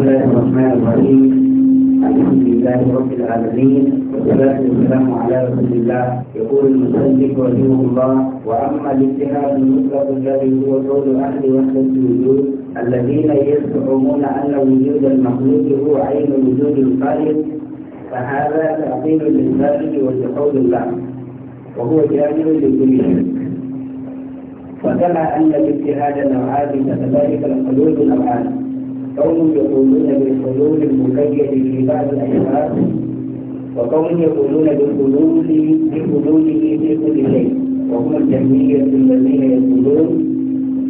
الله الرحمن الرحيم الحمد لله رب العالمين والصلاة والسلام على رسول الله يقول المسلك رحمه الله وأما الاجتهاد المطلق الذي هو قول أهل وحدة الوجود الذين يزعمون أن وجود المخلوق هو عين وجود الخالق فهذا تعظيم للخالق وتقول الله وهو جامع لكل شيء وكما أن الاجتهاد نوعان كذلك الخلود نوعان قوم يقولون بالحلول المكيد في بعض الأشخاص وقوم يقولون بالحلول بحلوله في كل شيء وهم الجميع الذين يقولون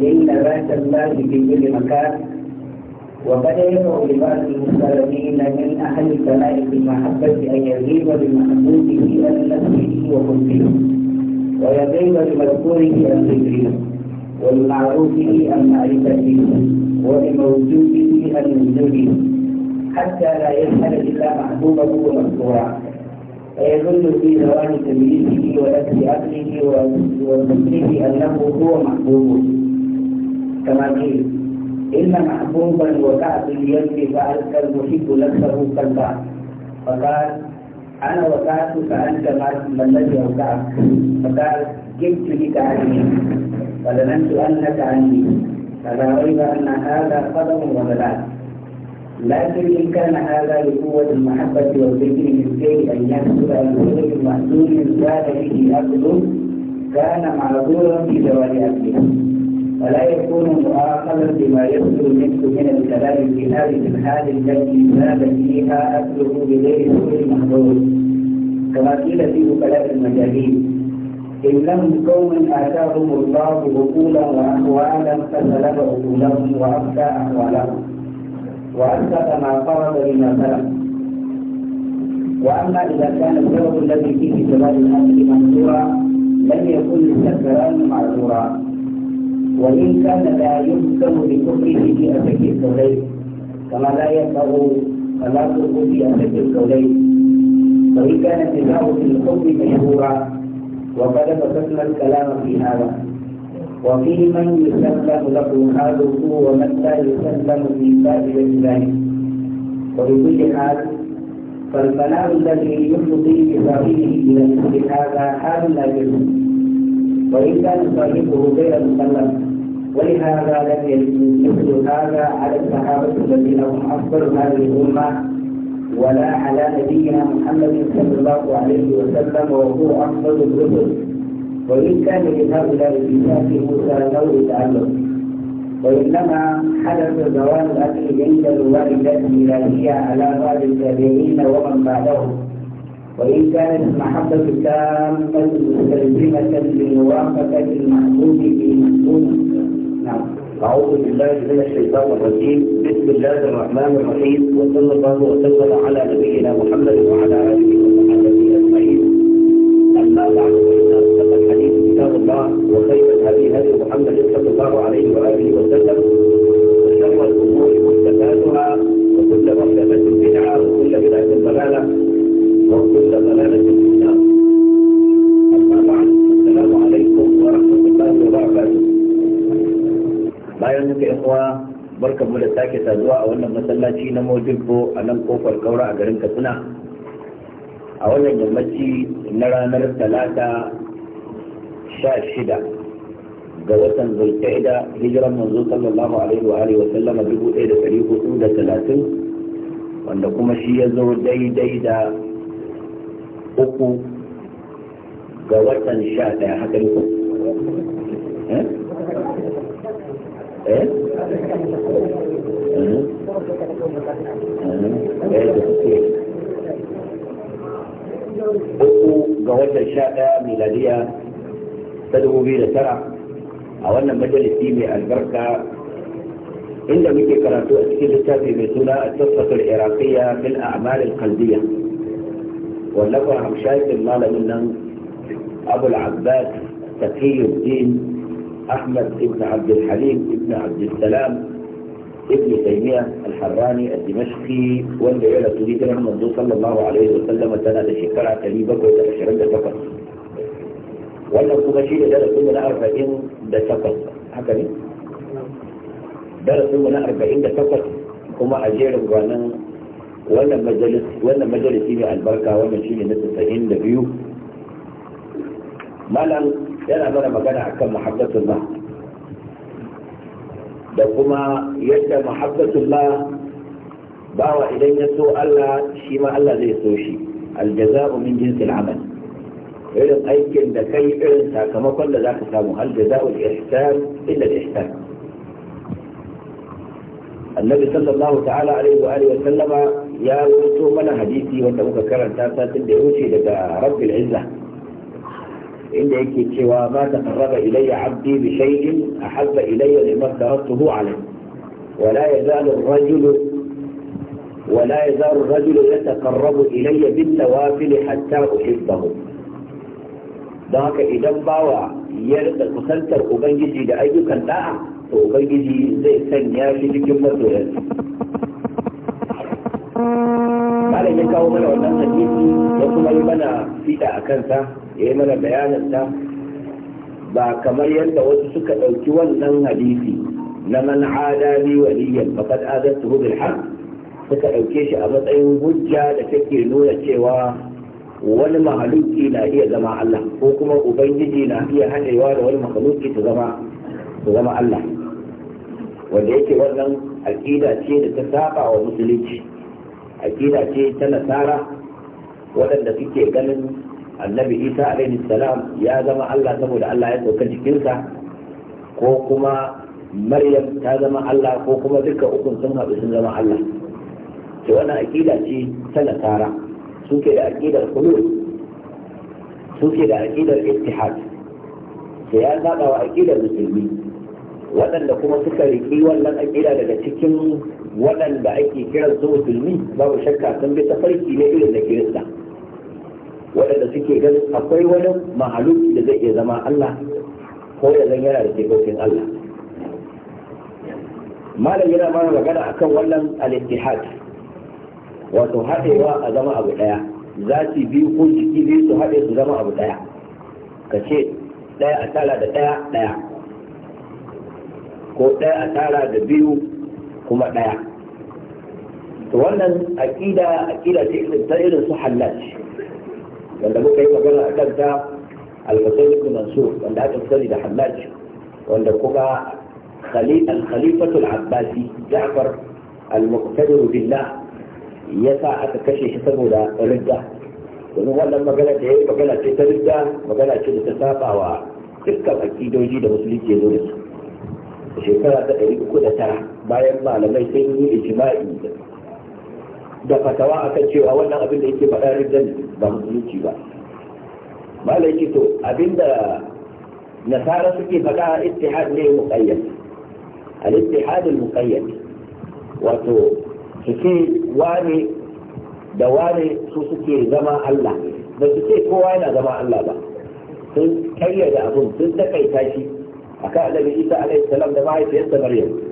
إن بعث الله في كل مكان وقد يقع لبعض المسلمين من أهل السماء في المحبة أن يغيب بمحبوبه إلى نفسه وحبه ويغيب بمذكوره أن ذكره والمعروف أن معرفته ولموجوده أن حتى لا يسأل إلا محبوبه ومذكورا فيظن في زوال تمييزه ونفس عقله وذكره أنه هو محبوب كما قيل إن محبوبا وكعب اليد فألقى المحب نفسه قلبا فقال أنا وقعت فأنت ما الذي أوقعك فقال جئت بك عني فظننت أنك عني فلا ريب أن هذا قدم وبلاء لكن إن كان هذا لقوة المحبة والذكر من كي أن يحصل الوجه محدود زاد به اكل كان معذورا في زوال أكله ولا يكون مؤاخذا بما يصدر منه من الكلام في هذه الحال التي زاد فيها أكله بغير سوء محظور كما قيل في وكلاء المجاهيل إنهم قوم آتاهم الله عقولا وأموالا فسلب عقولهم وأبكى أحوالهم وأثبت ما فرض بما سلف وأما إذا كان السبب الذي فيه جلال الأمر مهجورا لم يكن السكران معذورا وإن كان لا يمكن بكفره في أسك الكولين كما لا يقع صلاته في أسك الكولين وإن كان اتباعه في الحب مشهورا وقد بسطنا الكلام في هذا وفي من يسلم له حاله ومن لا يسلم في سائر ذلك وبكل حال فالبلاء الذي يفضي بصاحبه الى مثل هذا حال نادر وان كان صاحبه غير مسلم ولهذا لم يجد مثل هذا على الصحابه الذين هم افضل هذه الامه ولا على نبينا محمد صلى الله عليه وسلم وهو أفضل الرسل وإن كان لهؤلاء الكتاب موسى نور تعلق وإنما حدث زوال الأكل عند الوالدة الميلادية على بعض التابعين ومن بعدهم وإن كانت المحبة التامة مستلزمة لموافقة المحبوب في محبوبه نعم أعوذ بالله من الشيطان الرجيم بسم الله الرحمن الرحيم وصلى الله وسلم على نبينا محمد وعلى آله وصحبه أجمعين أما بعد فإن أصدق الحديث كتاب الله وخير الهدي هدي محمد صلى الله عليه وآله وسلم وشر الأمور محدثاتها وكل محدثة بدعة وكل بدعة ضلالة وكل ضلالة في bayan suka yi kuwa barkan mu da sake saduwa a wannan masallaci na mojibbo a nan kofar kaura a garin katsina a wannan yammaci na ranar talata sha shida ga watan zulkaida hijiran manzo sallallahu alaihi wa alihi wa sallama dubu ɗaya da ɗari hudu da talatin wanda kuma shi ya zo daidai da uku ga watan sha ɗaya haka ne eh? ايه uku ga watan sha ɗaya miladiya ta dubu biyu da tara a wannan majalisi mai albarka inda muke karatu a cikin littafi mai suna a tafasul iraqiyya fil a'mal qalbiyya wallafar hamshakin malamin nan abul abbas taqiyuddin أحمد بن عبد الحليم بن عبد السلام ابن تيمية الحراني الدمشقي والدعيلة تريد لهم محمد صلى الله عليه وسلم تنا تشكع كليبا وسنة شرم دفقر وانا القمشي لدارة ثم نعرف ان دفقر حكمي دارة ثم نعرف ان دفقر كما أجير وانا وانا مجلس وانا مجلس الى البركة وانا شيني نتسهين لبيو مالا yana mana magana akan mahabbatullah da kuma yadda mahabbatullah bawa idan ya so Allah shi ma Allah zai so shi aljaza'u min jinsil amal irin aikin da kai irin sakamakon da zaka samu aljaza'u al-ihsan illa al-ihsan annabi sallallahu ta'ala alaihi wa alihi wa sallama ya wato mana hadisi wanda muka karanta satin da ya wuce daga rabbil izzah inda yake cewa ma ta karraba ilayya abdi bi shay'in ahabba ilayya liman tarattuhu alayhi wala yazalu ar-rajulu ولا يزال الرجل يتقرب إلي بالنوافل حتى أحبه ذاك إذا باوى يرد كسنتر أبنجي لأيك الداعة أبنجي زي سنيا في جمة malam ya kawo mana wannan hadisi ya kuma yi mana fida a kansa ya yi mana bayanin ta ba kamar yadda wasu suka ɗauki wannan hadisi na man adali waliyan faqad azatuhu bil haqq suka ɗauke shi a matsayin hujja da take nuna cewa wani mahaluki na iya zama Allah ko kuma ubangiji na iya haɗewa da wani mahaluki ta zama ta zama Allah wanda yake wannan aƙida ce da ta saba wa musulunci aƙida ce ta nasara waɗanda suke ganin annabi isa alaihi salam ya zama allah saboda allah ya sauka jikinsa ko kuma maryam ta zama allah ko kuma duka ukun sun haɗu sun zama allah to wannan aƙida ce ta nasara suke da aƙidar hulul suke da aƙidar Istihad to ya zaɓa wa aƙidar musulmi waɗanda kuma suka riƙi wannan aƙida daga cikin waɗanda ake kiran su musulmi babu shakka sun bi tafarki ne irin na kirista waɗanda suke ganin akwai wani mahaluki da zai iya zama Allah ko ya zan yana da tekokin Allah malam yana mana magana akan wannan al-ittihad wato haɗewa a zama abu ɗaya su biyu ko jiki biyu su haɗe su zama abu ɗaya ka ce ɗaya a tara da ɗaya ɗaya ko ɗaya a tara da biyu kuma ɗaya to wannan aƙida aƙida ce ta irin su hallaci wanda muka yi magana a kanta al-musayyib mansur wanda aka sani da hallaj wanda kuma al-khalifatu al-abbasi ja'far al-muqtadir billah yasa aka kashe shi saboda ridda domin wannan magana da yayi magana ce ta ridda magana ce da ta saba wa dukkan akidoji da musulunci ya zo da su shekara ta 309 bayan malamai sun yi ijma'i da fatawa a kan cewa wannan abin da yake faɗa riddan ba musulunci ba mala yake to abinda nasara suke faɗa ittihad ne muqayyad al ittihad al muqayyad wato su ce wane da wane su suke zama Allah ba su ce kowa yana zama Allah ba sun kayyada abun sun takaita shi akan annabi Isa alaihi salam da mahaifiyarsa Maryam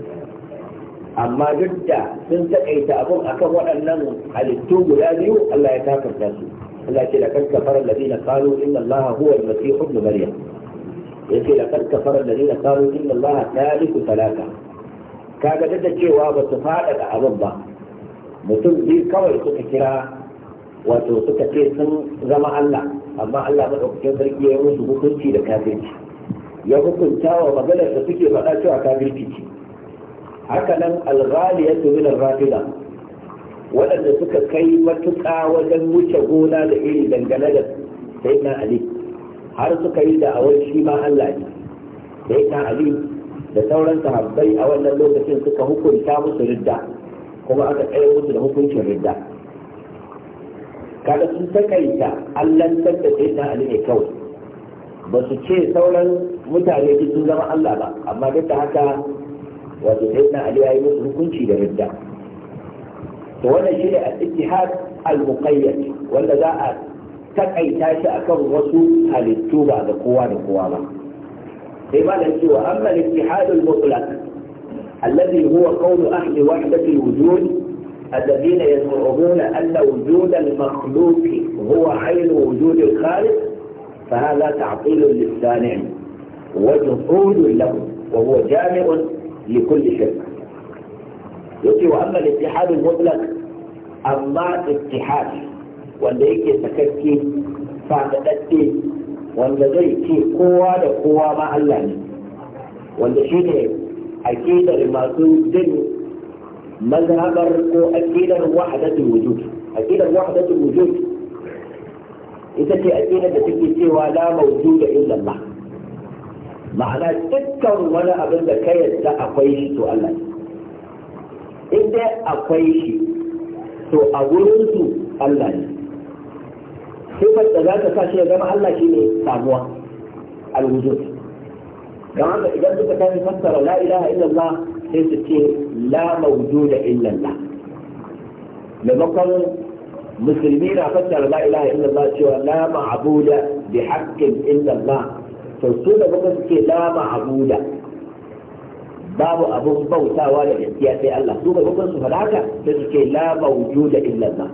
amma duk da sun takaita abun akan waɗannan halittu guda biyu Allah ya kafarta su Allah ce laqad kafara alladhina qalu inna Allah huwa al-masih ibn maryam yace laqad kafara alladhina qalu inna Allah thalithu thalatha kaga duk da cewa ba su fada da abun ba mutum biyu kawai suka kira wato suka ce sun zama Allah amma Allah madaukakin sarki ya yi musu hukunci da kafirci ya hukunta wa maganar da suke faɗa cewa kafirci ce haka nan alghaliyatu min ar-rafida waɗanda suka kai matuƙa wajen wuce gona da iri dangane da na ali har suka yi da awon shi ma Allah ne na ali da sauran sahabbai a wannan lokacin suka hukunta musu ridda kuma aka tsaye musu da hukuncin ridda Kada sun takaita allantar da na ali ne kawai ba su ce sauran mutane sun zama Allah ba amma duk da haka wato sai na ali ya yi musu hukunci da ridda to wannan shi ne al-ittihad al-muqayyad wanda za a takaita shi akan wasu halittu ba da kowa da kowa ba sai ba da cewa amma al-ittihad al-mutlaq alladhi الذي هو قول أهل al الوجود الذين يزعمون أن وجود المخلوق هو عين وجود الخالق فهذا تعطيل للصانع وجحود له وهو جامع likulli shirka yace wa amma al-ittihad al-mutlaq amma ittihad wanda yake sakakke fadadadde wanda zai ce kowa da kowa ma Allah ne wanda shi ne aqidar masu din mazhabar ko aqidar wahdatul wujud aqidar wahdatul wujud ita ce aqidar da take cewa la mawjuda illa Allah ma'ana dukkan wani abin da ka yadda akwai shi to Allah ne in dai akwai shi to a wurin su Allah ne sifar da za ta sa shi ya zama Allah shi ne samuwa alwujud don haka idan suka tafi fassara la ilaha illallah sai su ce la mawjuda illallah maimakon musulmi na fassara la ilaha illallah cewa la ma'abuda bi haqqin illallah to su da baka suke la ma'buda babu abun bautawa da gaskiya sai Allah su da baka su fadaka sai suke la mawjuda illa Allah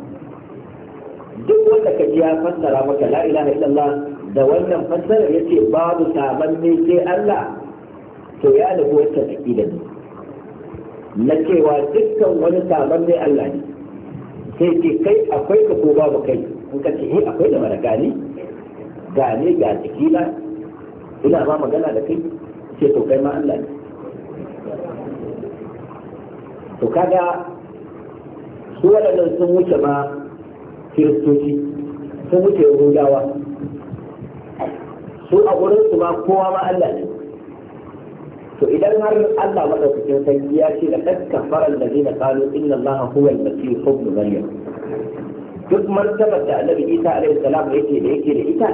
duk wanda ka ji ya fassara maka la ilaha illallah da wannan fassarar yace babu saban ne sai Allah to ya nufi wata da ni. na cewa dukkan wani saban ne Allah ne sai ce kai akwai ka ko babu kai in ka ce eh, akwai da mara gani gane ga jikina ina ba magana da kai ce to kai ma Allah ne to kaga su waɗannan sun wuce ma kiristoci sun wuce yahudawa su a gurin su ma kowa ma Allah ne to idan har Allah madaukakin sarki ya ce da dakkan faran da zai qalu inna Allah huwa al-masih ibn maryam duk martabar da Annabi Isa alaihi salam yake da yake da ita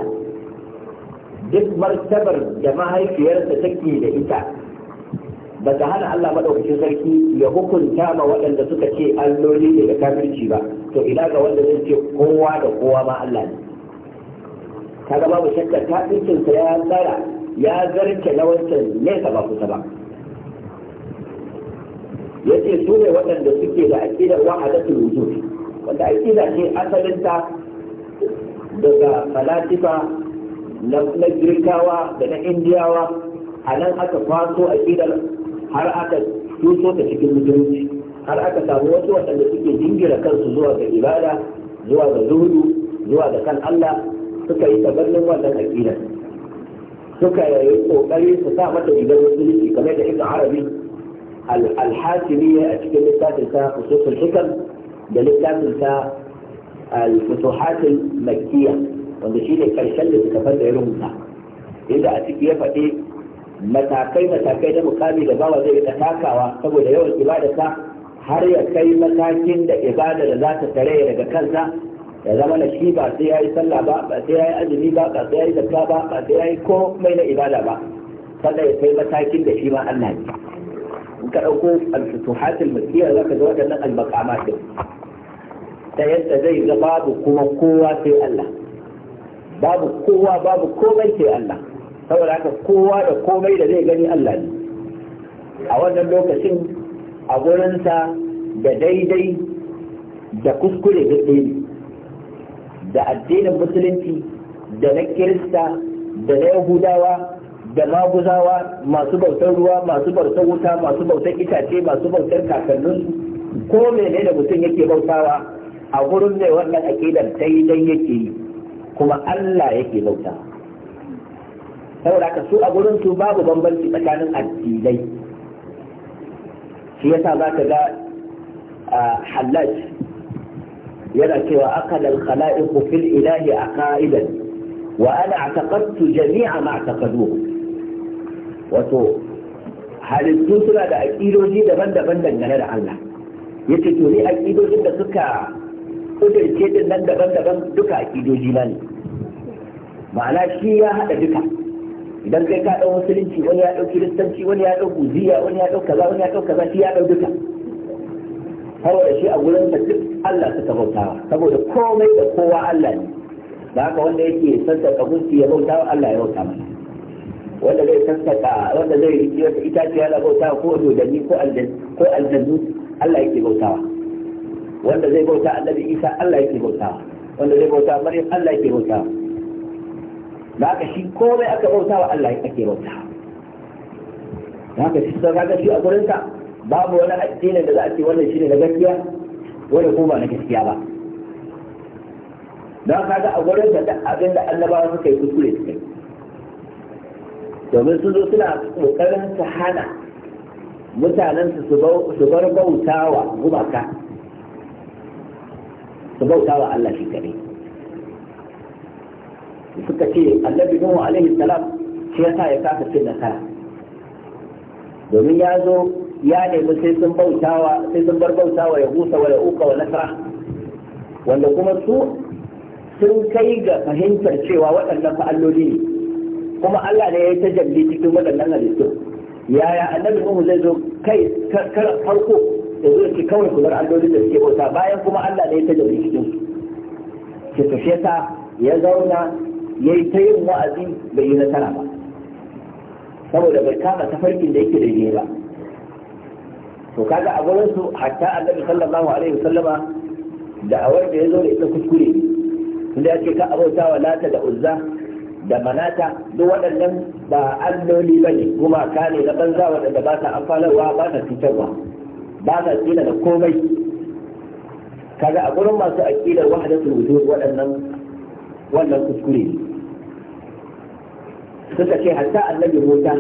duk martabar da mahaifiyarsa take da ita ba ta hana Allah madaukakin sarki ya hukunta ma waɗanda suka ce alloli ne da kafirci ba to ina ga wanda zai ce kowa da kowa ma Allah ne kaga babu shakka kafircin sa ya tsara ya zarce na wancan nesa ba kusa ba yace su ne waɗanda suke da aqidar wahadatul wujud wanda aqida ce asalin ta daga falasifa na girkawa da na indiyawa a nan aka kwaso aƙidar har aka tuso ta cikin mutunci har aka samu wasu waɗanda suke jingira kansu zuwa ga ibada zuwa ga zuhudu zuwa ga kan Allah suka yi tabannin wannan aƙidar suka yi ƙoƙari su sa mata rigar musulunci kamar da ibn arabi alhatimi a cikin littafin sa usul hikam da littafin sa al-futuhatul makkiyah wanda shi ne karshen da suka fada ya rubuta inda a ciki ya faɗi matakai matakai na mukami da bawa zai rika takawa saboda yawan ibadarsa har ya kai matakin da ibada da za ta tare daga kansa ya zama na shi ba sai ya yi sallah ba ba sai ya yi azumi ba ba sai ya yi zakka ba ba sai ya yi komai na ibada ba sannan ya kai matakin da shi ma Allah ne in ka ɗauko al-futuhatul makkiya za ka ga waɗannan al-maqamat ta yadda zai zama babu kuma kowa sai Allah babu kowa babu komai sai Allah saboda haka kowa da komai da zai gani Allah ne a wannan lokacin a gurinsa da daidai da kuskure da ne, da addinin musulunci da na kirista da na yahudawa da maguzawa masu bautar ruwa masu bautar wuta masu bautar itace masu bautar kakannin ko mene da mutum yake bautawa a gurin mai wannan aƙidar dan yake yi kuma Allah yake bauta saboda haka su a gurin su babu bambanci tsakanin addinai shi yasa za ka ga hallaj yana cewa akala al-khala'iqu fil ilahi aqaidan wa ana a'taqadtu jami'a ma a'taqaduhu wato halittu suna da aqidoji daban-daban dangane da Allah yace to ni aqidojin da suka Kudin din nan daban-daban duka a kidoji na ne ma'ana shi ya haɗa duka idan kai ka ɗau musulunci wani ya ɗau kiristanci wani ya ɗau guziya wani ya ɗau kaza wani ya ɗau kaza shi ya ɗau duka saboda shi a gurin da duk Allah suka bautawa saboda komai da kowa Allah ne da haka wanda yake sassaka gunki ya bautawa Allah ya bauta mana wanda zai sassaka wanda zai riƙe wata itaciya ya bautawa ko dodanni ko aljannu Allah yake bautawa wanda zai bauta annabi isa Allah yake bauta wanda zai bauta maryam Allah yake bauta da ka shi komai aka bauta wa Allah ake bauta da ka shi sun kaga shi a gurinsa babu wani addinin da za a ce wannan shine na gaskiya wanda ko ba na gaskiya ba na kaga a gurinsa da abin da annabawa suka yi kuskure suka yi domin sun zo suna kokarin su hana mutanen su su bar bautawa gumaka su bauta wa Allah shi kaɗai suka ce annabi nuhu alaihi salam shi yasa ya kasa cin nasara domin ya zo ya nemi sai sun bautawa sai sun bar bautawa ya gusa wa ya uka wa nasara wanda kuma su sun kai ga fahimtar cewa waɗannan fa'alloli ne kuma Allah ne ya yi jalli cikin waɗannan halittu yaya annabi Nuhu zai zo kai karan farko da zai ci kawai kular alloli da suke bauta bayan kuma Allah ne ya ta jabi cikin su ta ya zauna ya yi ta yin wa'azi bai yi nasara ba saboda bai kama ta farkin da yake daidai ba to kaga a gurin su hatta annabi sallallahu alaihi wasallama da awar da ya zo da ita kuskure inda ake ka abauta wa lata da uzza da manata duk waɗannan ba alloli ba ne kuma ka ne na banza waɗanda ba ta amfanarwa ba ta cutarwa ba za tsina da komai kaga a gurin masu aqidar su wujud waɗannan wannan kuskure ne suka ce hatta annabi Musa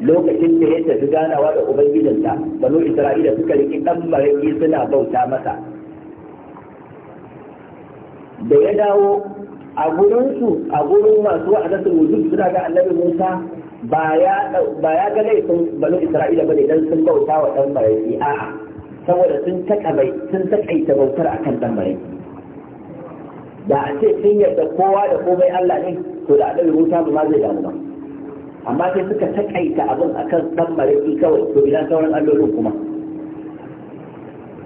lokacin da ya tafi ganawa da ubangijinsa banu Isra'ila suka riki dan maraƙi suna bauta masa da ya dawo a gurinsu a gurin masu su wujud suna ga annabi Musa ba ya ga laifin banu isra'ila bane dan sun bauta wa dan maraki a'a saboda sun takabai sun takaita bautar akan dan maraki da a ce sun yarda kowa da komai Allah ne to da annabi rubuta ba zai damu ba amma sai suka takaita abin akan dan maraki kawai to idan sauran allolin kuma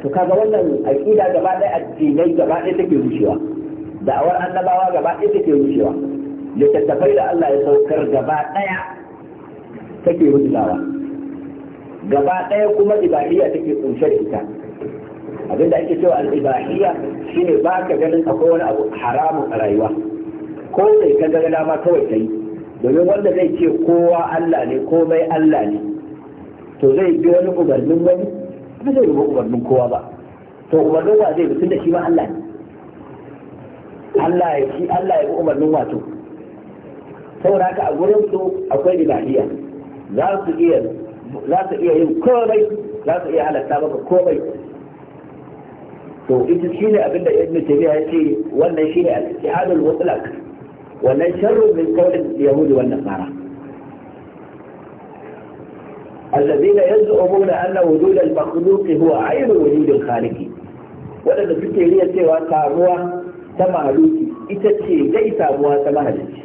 to kaga wannan aqida gaba ɗaya addinai gaba ɗaya take rushewa da'awar annabawa gaba ɗaya take rushewa littattafai da Allah ya saukar gaba ɗaya take rubutawa gaba ɗaya kuma ibahiyya take kunshe da ita abinda ake cewa al-ibahiyya shine ba ka ganin akwai wani abu haramun a rayuwa ko mai ka ga dama kawai yi domin wanda zai ce kowa Allah ne komai Allah ne to zai bi wani umarnin wani ba zai rubu umarnin kowa ba to umarnin wa zai bi da shi ma Allah ne Allah ya shi Allah ya bi umarnin wato saboda haka a gurin su akwai ibahiyya za su iya za su iya yin komai za su iya halatta maka komai to ita shine abinda ibnu tabi'a ya ce wannan shine al-istihadul mutlaq wannan sharru min qawlin yahudi wan nasara الذين يزعمون أن وجود المخلوق هو عين وجود الخالق waɗanda suke riya cewa samuwa ta mahaluki ita ce dai samuwa ta mahalicci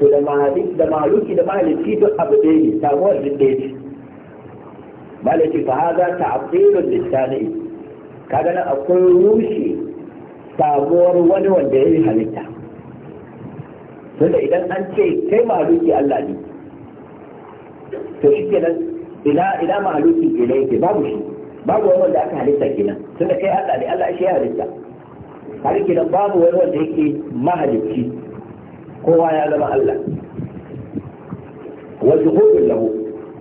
to da malik da maluki da maliki duk abu da ne samuwar duk ɗaya ce maliki fa haza ta'tilun lisani kaga nan akwai rushe samuwar wani wanda ya yi halitta tunda idan an ce kai maluki Allah ne to shi kenan ina ina maluki ne yake babu shi babu wani wanda aka halitta kenan tunda kai Allah ne Allah shi ya halitta har kenan babu wani wanda yake mahalicci kowa ya zama Allah wa zuhudun lahu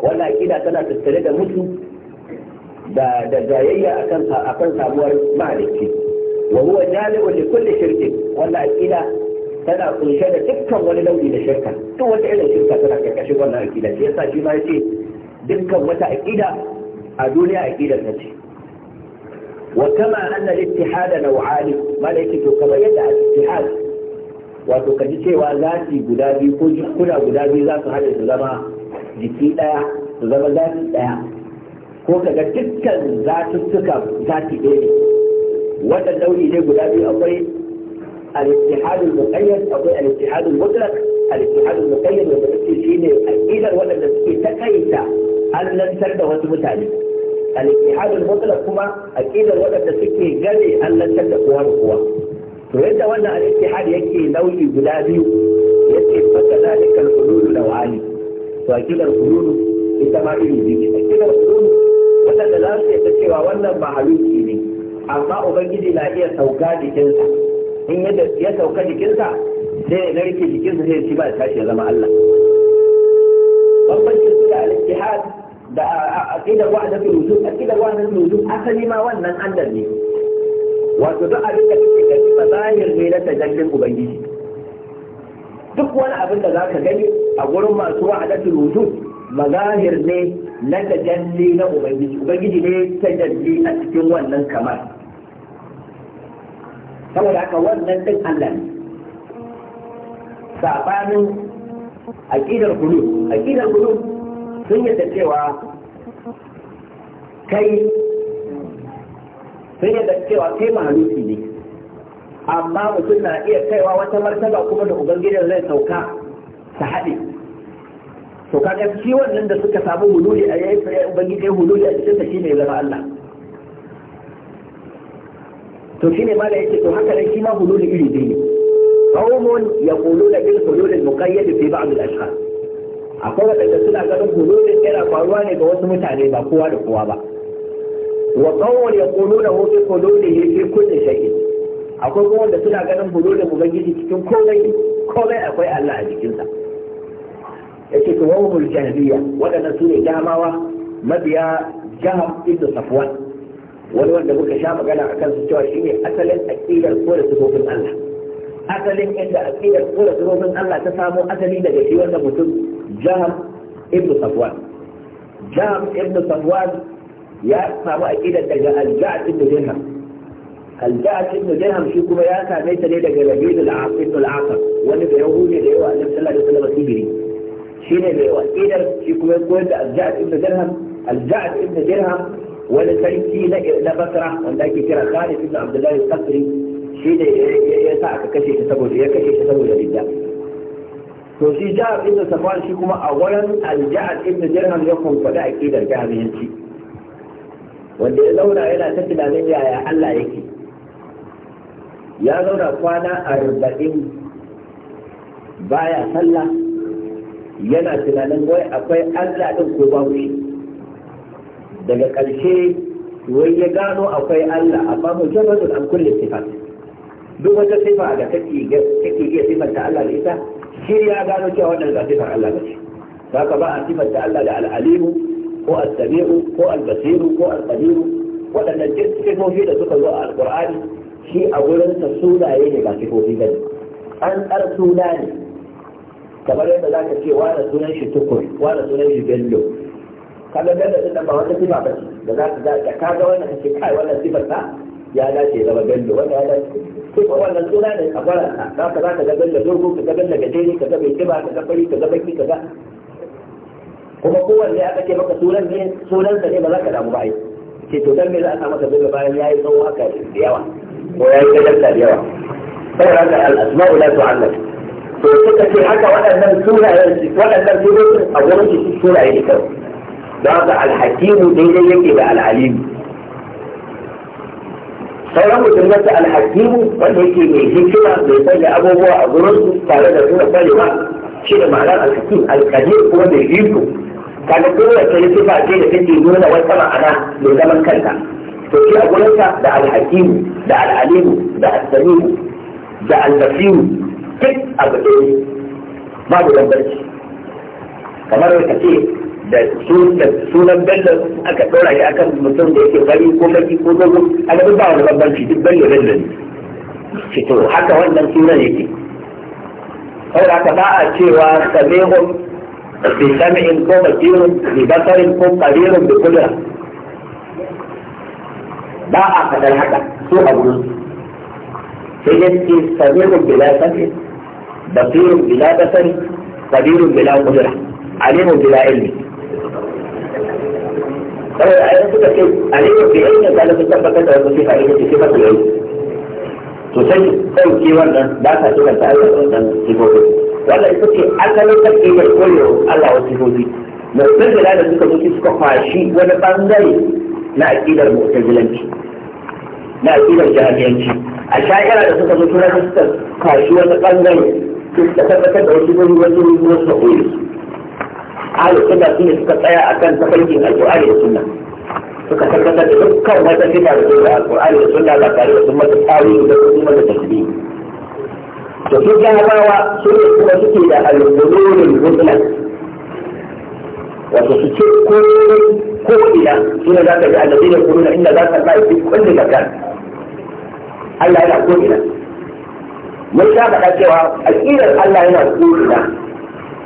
wannan aƙida tana tattare da mutu da da jayayya akan akan samuwar mahalicci wa huwa jali'un li kulli shirkin wannan aqida tana kunshe da dukkan wani nau'i da shirka duk wata irin shirka tana karkashin wannan aqida shi yasa shi ma yace dukkan wata aqida a duniya aqidar ta ce wa kama anna al-ittihad naw'ani malaka to yadda al-ittihad wato ka ji cewa zafi guda biyu ko jikuna guda biyu za su haɗe su zama jiki ɗaya su zama zafi ɗaya ko ka ga dukkan zatuttuka zafi ɗaya ne wannan nau'i ne guda biyu akwai al-ittihad al-muqayyad akwai al-ittihad al-mutlaq al-ittihad muqayyad wanda yake shine aqidar waɗanda suke takaita allantar da wasu mutane al-ittihad al-mutlaq kuma aqidar waɗanda suke gane allantar da kowa da kowa to yadda wannan al-ittihad yake nau'i guda biyu yake fata zalikal hululu naw'ani to akidar hululu ita ma iri biyu akidar hululu wadanda za su yadda cewa wannan mahaluki ne amma ubangiji na iya sauka jikinsa in yadda ya sauka jikinsa sai ya narke jikinsa sai ya ci ba ya tashi ya zama Allah bambancin su da al-ittihad da akidar wa'adatul wujud akidar wa'adatul wujud asali ma wannan Allah ne wato duk abin da mazahir ne na tajallin ubangiji duk wani abin da za ka gani a gurin masu wa'adatul wujud mazahir ne na tajalli na ubangiji ubangiji ne tajalli a cikin wannan kamar saboda haka wannan din Allah ne sabanin aqidar qulub aqidar qulub sun yadda cewa kai sun yadda cewa kai mahaluki ne amma mutum na iya kaiwa wata martaba kuma da ubangijin zai sauka ta haɗe to kaga shi wannan da suka samu hululi a yayin ubangiji ya hululi a cikin shi ne ya zama Allah to shi ne da yake to haka ne shi ma hululi iri biyu ne qaumun yaquluna bil hulul al muqayyad fi ba'd al ashkhas akwai wadanda suna ganin hululin yana faruwa ne ga wasu mutane ba kowa da kowa ba wa qaumun yaquluna hu bi hululihi fi kulli shay'in akwai kuma wanda suna ganin hudu hulolin ubangiji cikin komai komai akwai Allah a jikinsa yace to wahumul jahiliya wadannan su ne jamawa mabiya jaham ibn safwan wani wanda muka sha magana a kansu cewa shi ne asalin aƙidar kore sifofin Allah asalin inda aƙidar kore sifofin Allah ta samo asali daga shi wannan mutum jaham ibn safwan jaham ibn safwan ya samu aƙidar daga al-ja'd ibn dirham هل جاءت ابن درهم شو كما ياسا ليس ليس ليس لبيد العاصر ابن العاصر وانا بيهوني ديوة النبي صلى الله عليه وسلم سيبري شين ديوة إذا شو كما يقول هل جاءت ابن درهم هل جاءت ابن درهم ولا تريكي لبكرة وانا كتير خالف ابن عبد الله القصري شين ياسا كشي تسبو لي كشي تسبو لي لله to shi ja'a ibn safwan shi kuma a wurin al-ja'a ibn dirham ya ya zauna kwana arba'in baya sallah yana tunanin wai akwai Allah din ko babu shi daga ƙarshe wai ya gano akwai Allah amma mujarradun an kulle sifat duk wata sifa da take take iya sifanta Allah da ita shi ya gano cewa wannan ba sifar Allah bace haka ba a sifanta Allah da al ko as-sami'u ko al-basiru ko al-qadiru waɗannan duk sifofi da suka zo a al alqur'ani shi a suna sunaye ne ba sifofi ba an tsar suna ne kamar yadda za ka ce wani sunan shi tukur wani sunan shi bello kaga bello din nan ba wata sifa ba ce da za ka ga ka ga wannan shi kai wannan sifar ta ya dace da ba bello wannan ya dace sifa wannan suna ne a gwara za ka za ka ga bello dogo ka ga bello gajere ka ga mai kiba ka ga fari ka ga baki ka ga kuma kowanne aka ce maka sunan ne sunan sa ne ba za ka damu ba ai ce to dan me za a sa maka bello bayan yayi tsawo haka da yawa ويا يتجلى اليوم فهذا الأسماء لا تعلم to suka ce haka waɗannan sunayen su waɗannan sunayen a wurin su sunaye ne kawai don haka alhakimu daidai yake da al'alimu sauran musulmanci alhakimu wanda yake mai hikima mai sanya abubuwa a gurin su tare da suna sani ba shi da ma'anar alhakim alkadir kuma mai iko kaga kowace sifa ce da take nuna wata ma'ana mai zaman kanta تركيا أولئك دع الحكيم دع العليم دع السمين دع المسيم كيف أبدأني ما هو لنبالك كما رأيك كيف دع السون السون البلد أكتورا يا أكام المسلم دي أكي غالي كوكي كوكي أنا بدع أن أبدأني في تبالي غلل فتو حتى هو المسيونة يكي هو رأيك ما أشيوا بسمع كوم كبير ببصر كوم قليل بكلها باع قد الحاجة سوء أبنى فجأتي صغير بلا فجر بطير بلا بطر صغير بلا مدرة عليم بلا علم ولكن يجب ان يكون هناك اشياء اخرى لانهم يجب ان يكون هناك اشياء اخرى لانهم يجب ان يكون هناك اشياء اخرى لانهم يجب ان يكون هناك اشياء اخرى لانهم يجب ان يكون هناك اشياء اخرى na aƙidar jahiliyanci a sha'ira da suka mutu na suka kashi wani ɓangare suka tabbatar da wasu guri wasu guri wasu da koyi ahlus sunna su ne suka tsaya akan tafarkin alƙur'ani da sunna suka tabbatar da dukkan wata fita da zuwa alƙur'ani da sunna ba tare da sun mata tsari da sun mata tasbi to su jahabawa su ne kuma suke da alƙur'anin mutlak wato su ce ko ko ina su ne za ka ji annabi da kuma inda za ka ba shi kullu makan ألا يأخذنا مشابه كثيرا الإذن ألا يأخذنا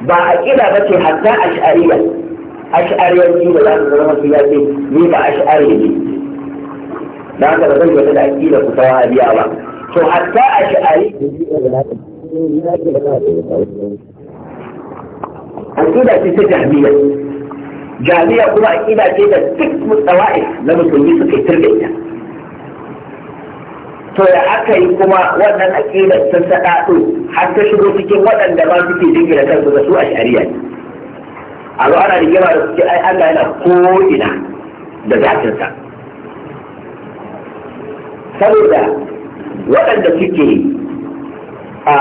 بعد بس حتى أشعرية أشعرية جيدة لا تظلم في ذاتي ليس أشعرية جيدة لا تظلم في ذاتي جيدة كتوى أبي أبا سو حتى أشعرية الإذن في ستح بيئة جامعة قراء إذا كده تكت متوائف لما تنجيسك تربيتها to ya aka yi kuma wannan aƙidar ta saɗaɗo har ta shigo cikin waɗanda ba su suke jingina kansu da su a shari'a Allah zo ana rigima da suke ai Allah yana ko'ina da zatinsa saboda waɗanda suke a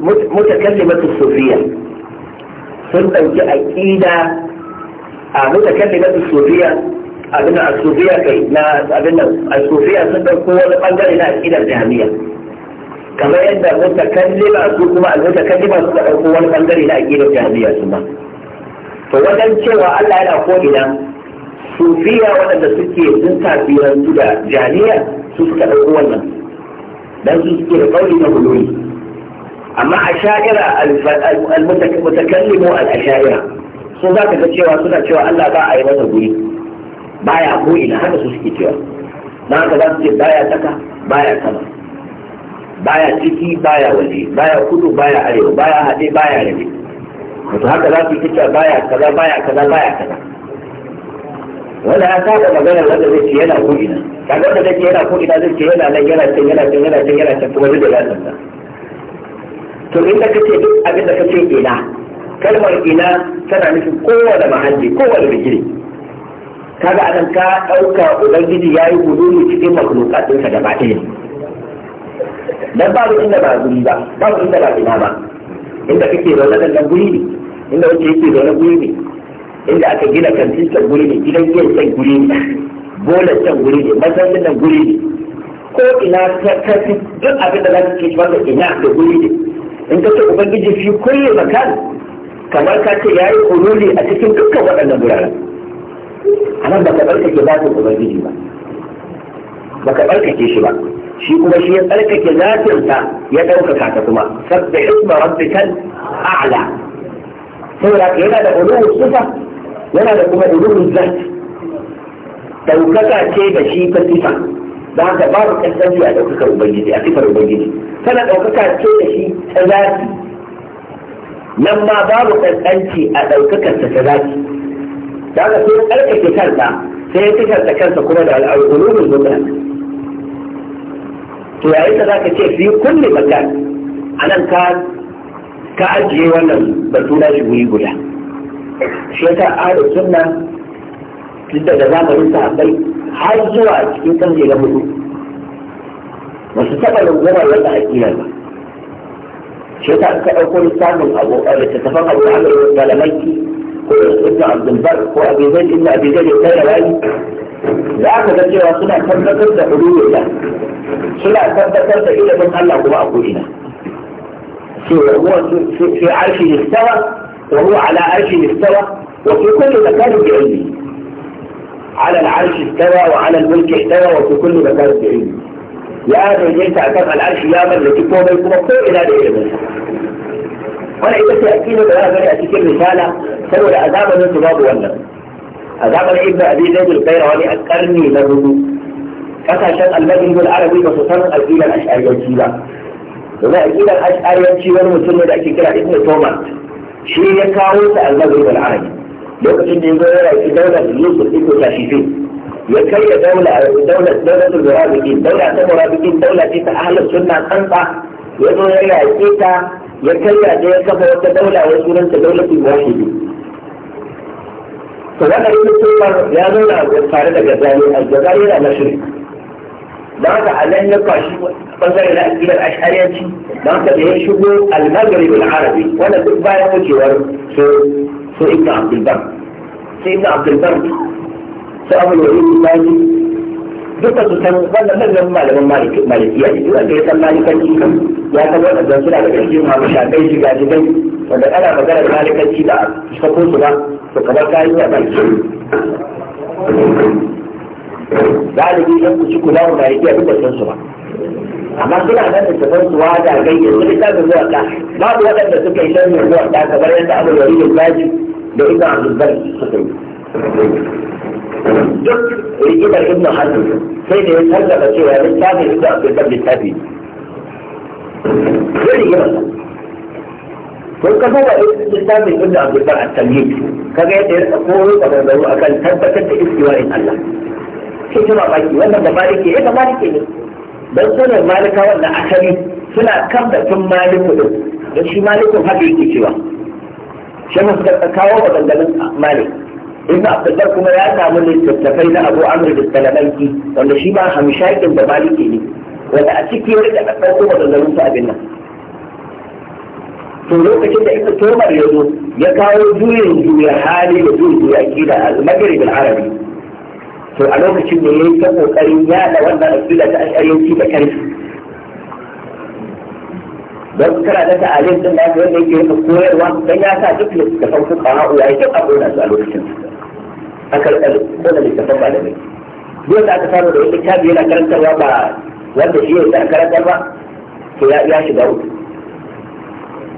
mutakallimatu sufiya sun ɗauki aƙida a mutakallimatu sufiya abin da asufiya kai na abin da asufiya sun ɗauko wani ɓangare na aƙidar jami'a kamar yadda mutakallima su kuma al-mutakallima suka ɗauko wani ɓangare na aƙidar jami'a su ma to wajen cewa Allah yana ko ina sufiya waɗanda suke sun tafirantu da jami'a su suka ɗauko wannan dan su suke da kauli na huluri amma a sha'ira al-mutakallimu al-asha'ira sun za ka ga cewa suna cewa Allah ba a yi masa guri baya ko ina haka su suke cewa na haka za su ce baya tsaka baya sama baya ciki baya waje baya kudu baya arewa baya haɗe baya rabe wato haka za su yi cewa baya kaza baya kaza baya kaza wanda ya saba magana wanda zai ce yana ko ina kaga da zai ce yana ko ina zai ce yana nan yana can yana can yana can yana can kuma zai da lasanta to inda ce duk abin da ce ina kalmar ina tana nufin kowane mahalli kowane bigire kaga anan ka ɗauka ubangiji ya yi cikin makhlukat ɗinsa gaba ɗaya dan babu inda ba guri ba babu inda ba ina ba inda kake zaune dan nan guri ne inda wace yake zaune guri ne inda aka gina kantin ta guri ne gidan giyan san guri ne bolan can guri ne masallin nan guri ne ko ina ta kafi duk abin da za ka ce wanda ina da guri ne in ka ce ubangiji fi kulle makan kamar ka ce ya yi hululi a cikin dukkan waɗannan guraren a nan ba ka tsarkake zatin ubangiji ba ba ka tsarkake shi ba shi kuma shi ya tsarkake zatinsa ya ɗaukaka ta kuma sabda isma rabbikal a'la saboda yana da ulul sifa yana da kuma ulul zat ɗaukaka ce da shi ta sifa da haka babu kasance a daukaka ubangiji a sifar ubangiji tana ɗaukaka ce da shi ta zati nan ma babu kasance a ɗaukakarsa ta zati da haka sai tsarkake kansa sai ya da kansa kuma da al'ulubul mutlaq to yayin da zaka ce fi kulli makan anan ka ka ajiye wannan batu na shi guri guda shi yasa ahlus sunna tun daga zamanin sahabbai har zuwa cikin kanje na hudu ba su taɓa rungumar wata aƙida ba shi yasa aka ɗauko lissafin abu a littattafan abu da amurka da ابن عبد البر وابي زيد ان ابي زيد وكان وأبي da aka ga cewa suna tabbatar da hululullah suna tabbatar da ilimin Allah kuma a ko'ina في عرشه استوى وهو على عرشه استوى وفي كل مكان بعلمه على العرش استوى وعلى الملك استوى وفي كل مكان بعلمه يا من جئت على العرش يا من لكي كومي كومي إلى بعلمه ولا إذا تأكيد الآن من يأتي كل رسالة سنو لأزام من تباب ولا أزام ابن أبي زيد الخير ولي أكرني له كفى شك المجلد العربي بسطن أكيد الأشعر ينشيبا وما أكيد الأشعر ينشيبا مسلم ذاك كلا ابن تومات شيء يكاوي سألمجلد العربي لو كنت نقول لك دولة يوسف ابن تاشفين يكي دولة دولة دولة المرابطين دولة المرابطين دولة, دولة, دولة, دولة, دولة, دولة, دولة, دولة, دولة أهل السنة خمسة يقول لك ya karya da ya kafa wata daula wai sunanta daulatul wahidi to wannan ibn Tumar ya zauna tare da Gazali al-Gazali yana mashrik da haka Allah ya kwashi bangare na akidar ash'ariyanci da haka da ya shigo al-Maghrib al-Arabi wanda duk bayan wucewar so so Ibn Abdul Bar sai Ibn Abdul Bar sai Abu Walid al-Bani duka su san wannan manyan malaman maliki malikiya ne wanda ya san malikanci ya san wannan suna da cikin mamu shafai shi gaji dai wanda ana maganar malikanci da sako su ba to kamar kayan yi a kan shi galibi yan ku ci kula wa malikiya duk da san su ba amma suna nan da tafar su wada gayyar su ta ga zuwa ta babu waɗanda suka yi shan zuwa ta kamar yadda abu da rikin baji da ita a zubar suka yi duk rigimar ibn hazm sai da ya tallaba cewa littafi da abin da littafi zai rigima kun ka saba littafin inda abin da at ka ga yadda ya tsako da a akan tabbatar da in Allah Ke kuma baki wannan da maliki ya eh, da maliki ne dan sune malika wannan asali suna kan da tun maliku din dan shi malikun haka yake cewa shi musu da kawo maganganun malik ibn abdullah kuma ya samu littattafai na abu amr da salamanki wanda shi ma hamshakin da maliki ne wanda a ciki ya rika ɗauko maganganun su abin nan to lokacin da ibn tomar ya zo ya kawo juyin juya hali da juyin juya akida a magrib arabi to a lokacin da ya yi ta ƙoƙarin yada wannan akida ta ashariyanci da karfi don kana da ta'alim din da yake yake yake koyarwa dan ya sa duk littafin su kana uwa yake a gona su a lokacin a rika ko da littafin malamai duk da aka samu da wani littafi yana karantarwa ba wanda shi yake karantar ba to ya ya shiga wuta.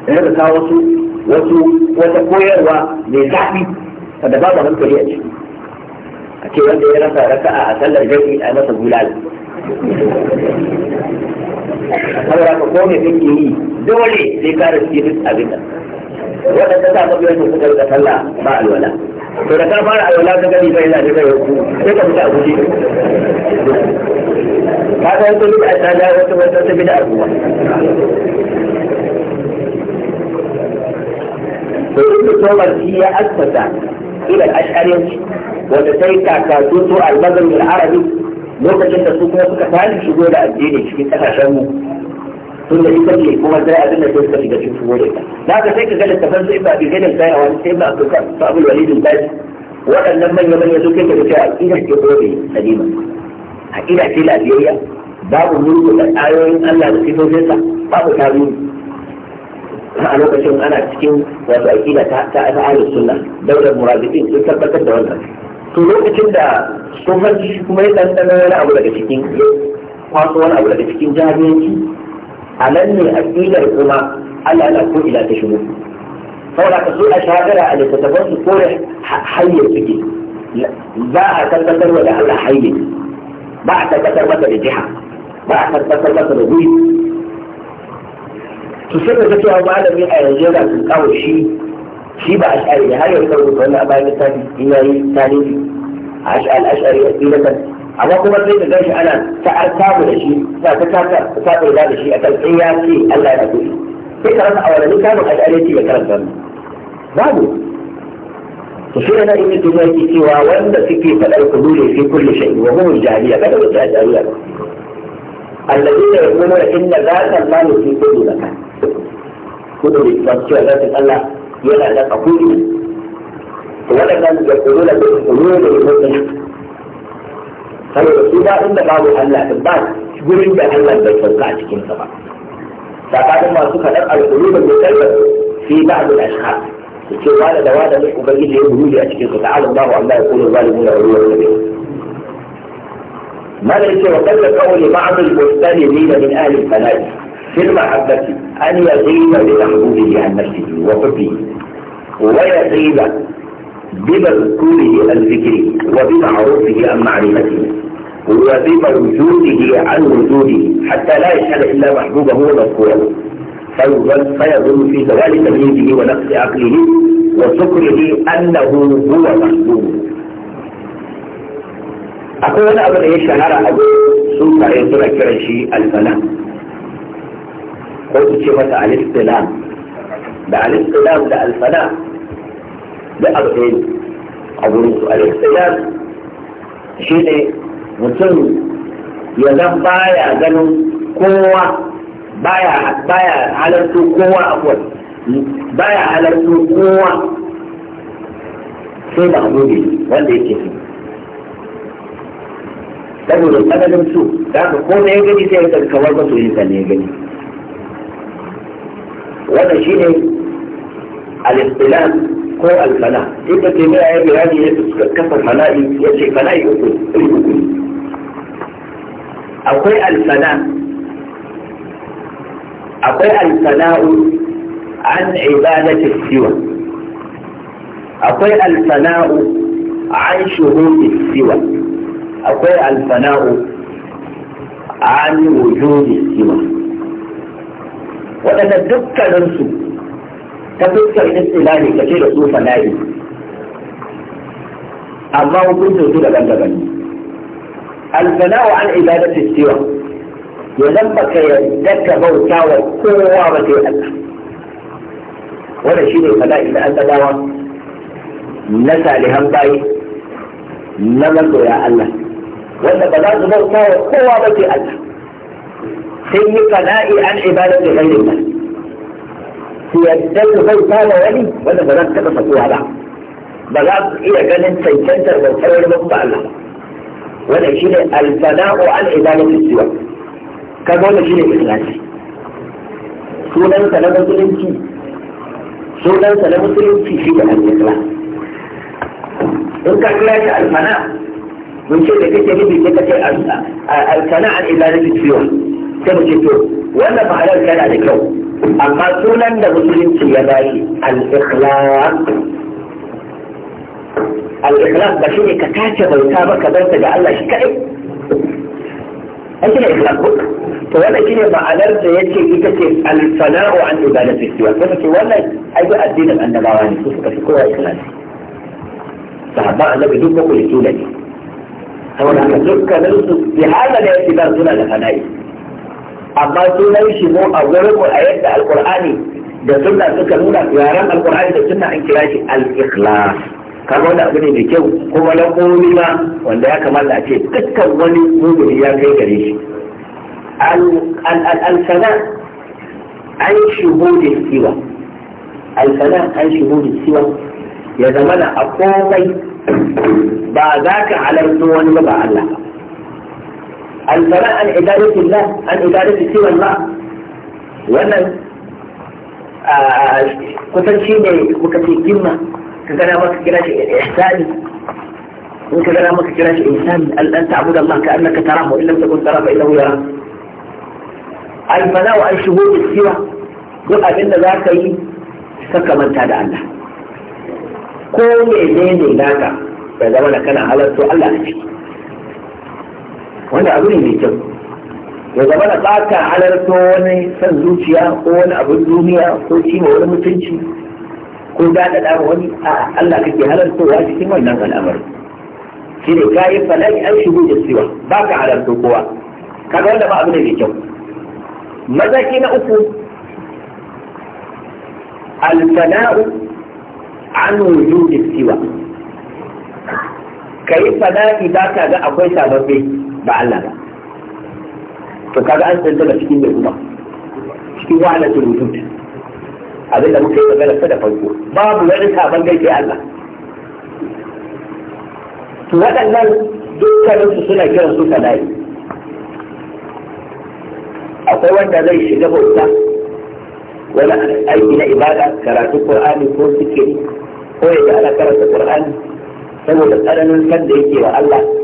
in ka kawo wasu wasu wata koyarwa mai zafi da babu hankali a ciki a ce wanda ya rasa raka'a a sallar jami'i a masa gulal saboda ka kome kake yi dole sai ka rasu duk abin nan waɗanda ta ka biyar suka rika sallah ba alwala to da ka fara alwala ka gani bai lafi bai yanku sai ka fita a guji ka ga wata bida ta da wata wata ta bida a kuma to ibnu tawar shi ya asfata ila al-ash'ari wanda sai ka ka tuto al-maghrib al-arabi lokacin da su kuma suka fara shigo da addini cikin kasashen mu tun da ita ce kuma sai abin da suka shiga cikin shigo da ita Na haka sai ka ga littafan su ba bigai da sai a wani sai ba a kuka su abin walidin tashi waɗannan manya manya su kai da cewa aƙida ce gobe salima aƙida ce lafiyayya babu mulku da ayoyin Allah da sifofinsa babu tarihi a lokacin ana cikin wasu aƙida ta ta ahlus sunna daular murabitin sun tabbatar da wannan to lokacin da tsofanci shi kuma ya ɗanɗana wani abu daga cikin kwaso wani abu daga cikin jami'anci a nan ne a aƙidar kuma Allah na ko ila ta shigo saboda ka so a shagara a littattafan su ko hanyar suke za a tabbatar wa da Allah hanyar, ba a tabbatar masa da jiha ba a tabbatar masa da wuri to sai ka ga cewa malami a yanzu yana kawo shi shi ba ash'ari da har yau kan rubuta wannan bayan littafi in yayi tarihi ash'al ash'ari asilatan amma kuma sai da gashi ana ta'ar samu da shi ta ta ta ta ta da shi a kan in ya ce Allah ya kuɗi sai karanta a wani littafin ash'ari ce ya karanta babu to shi ne na ibn tuba yake cewa wanda suke faɗar kudure fi kulli shay'in wa hum jahiliya kada su ash'ariya الذين يقولون إن ذات الله في كل مكان كل الإسلام ذات الله ولا لا تقولي ولكن لم يقولوا لك بالحلول المؤمنة فالرسول ده عندك قالوا الله في البعض شكور انت الله في الفرقات كم سبع فقال ما سوف نبقى القلوب المتلبة في بعض الأشخاص يقول هذا دواء ده مش مبين لهم بنودي أشكين فتعال الله وعلا يقول الظالمون وعلوه السبيل ما ليس وقد قول بعض المستنبين من أهل الفنادق في المحبة أن يغيب بمحبوبه عن نفسه وحبه ويغيب بمذكوره الفكري وبمعروفه عن معرفته وبموجوده عن وجوده حتى لا يشهد إلا محبوبه ومذكوره فيظن فيظن في زوال تمييزه ونقص عقله وشكره أنه هو محبوب أقول أبدا يشهر أبو سوف يصنع كرشي الفنان ko su ce mata alistilam da alistilam da alfana da alfani a wurin su alistilam shi ne mutum ya zan baya ganin kowa baya baya halartu kowa akwai baya halartu kowa sai da ne wanda yake so saboda tsananin su da ka ko da ya gani sai ya karkawar masoyinsa ne ya gani وده شيء الاختلاف هو الفناء انت تبقى يا جيراني كفر فنائي يا شيء فنائي اكل اكل الفناء اقوي الفناء عن عبادة السوى اقوي الفناء عن شهود السوى اقوي الفناء عن وجود السوى waɗanda dukkaninsu ta fuskar istilahi ka ce da su fana'i amma hukuncin su daban-daban alfana'u an ibadatu siwa ya zan baka yadda ka bauta wa kowa ba sai Allah wannan shine fana'i da an dawa na salihan bayi na masoya Allah wanda ba za su bauta wa kowa ba sai Allah في قناء عن عبادة غير الله في الدل هو تالا ولي ولا بلاد تبسطوا على بلاد إيه قلن سيسنتر وفور مقطع ولا شيء الفناء عن عبادة السوى كما ولا شيء إخلاص سونا سلام سلمتي سونا سلام في جهة الإخلاص Inka kira shi alfana, mun ce da الفناء عن عبادة kake sai mu ce to wannan ma'anar tana da kyau amma sunan da musulunci ya bayi al-ikhlas al-ikhlas ba shine ka tace bauta ba ka bar ga Allah shi kadai an kina ikhlas ko to wannan shine ma'anar da yake ita ce al-sana'u an ibadati siwa kuma ce wannan ai ga addinin annabawa ne su suka fi kowa ikhlas sahabba annabi duk ko kullu ne saboda haka dukkanin su bi hada da yake da suna da fana'i amma sunan shi mu a wurin mu a yadda alqur'ani da sunna suka nuna yaran alqur'ani da sunna an kira shi al-ikhlas kaga wani abu ne mai kyau kuma na komi ma wanda ya kamata a ce dukkan wani muguri ya kai gare shi al-sana an shuhudi siwa al-sana an shuhudi siwa ya zamana a komai ba za ka halarta wani ba Allah ba البناء عن عبادة الله عن عبادة سوى الله وأن آه، كتن شيء ما مكتي جمة كتن ما كجراش إحسان وكتن ما كجراش إنسان أن تعبد الله كأنك تراه وإن لم تكن تراه فإنه يراه البناء عن شهود السوى يبقى بين ذاك من تاد الله كل من ذاك فإذا ما كان على لا الله Wani abu ne mai kyau ya zama da ɓata halarta wani son zuciya ko wani abin duniya ko cima wani mutunci ko daɗaɗa wani a Allah kake halartowa cikin wannan al'amari shi ne kayi fala'i an shigo da siwa ba ka halarta kowa kaga wanda ba abu ne mai kyau Mazaki na uku alfana'u an wujudi siwa kayi fana'i ba ka ga akwai sababbi ba Allah ba to kaga an san daga cikin mai kuma cikin wahalatul wujud abinda muka yi magana ta da farko babu wani sabon gaike Allah to waɗannan dukkaninsu suna kiran su kalayi akwai wanda zai shiga bauta wani aiki na ibada karatu qur'ani ko sikiri ko ya ana karanta qur'ani saboda tsananin kan da yake wa Allah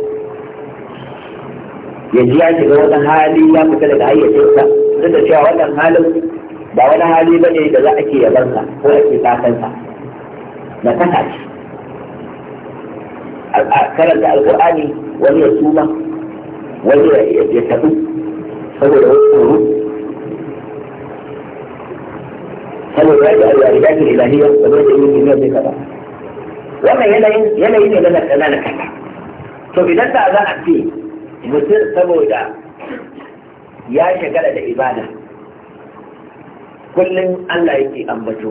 ya ji ya shiga wani hali ya fita daga hayyacinsa duk da cewa wannan halin ba wani hali ba ne da za a ke yabansa ko ake fatansa na kasa ce a karanta alkur'ani wani ya suma wani ya tafi saboda wani tsoro saboda ya ji alwaridatul ilahiyya saboda ya yi ne mai kaba wannan yanayin yanayi ne na kasa to idan da za a ce mutum saboda ya shagala da ibada kullum Allah yake ambato